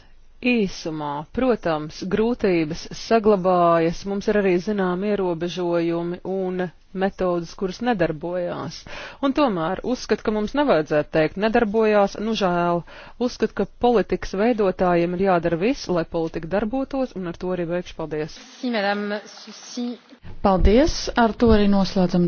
īsumā, protams, grūtības saglabājas, mums ir arī zinām ierobežojumi un metodas, kuras nedarbojās. Un tomēr uzskat, ka mums nevajadzētu teikt nedarbojās, nu žēl. Uzskat, ka politikas veidotājiem ir jādara viss, lai politika darbotos, un ar to arī beigšu paldies. Paldies, ar to arī noslēdzam.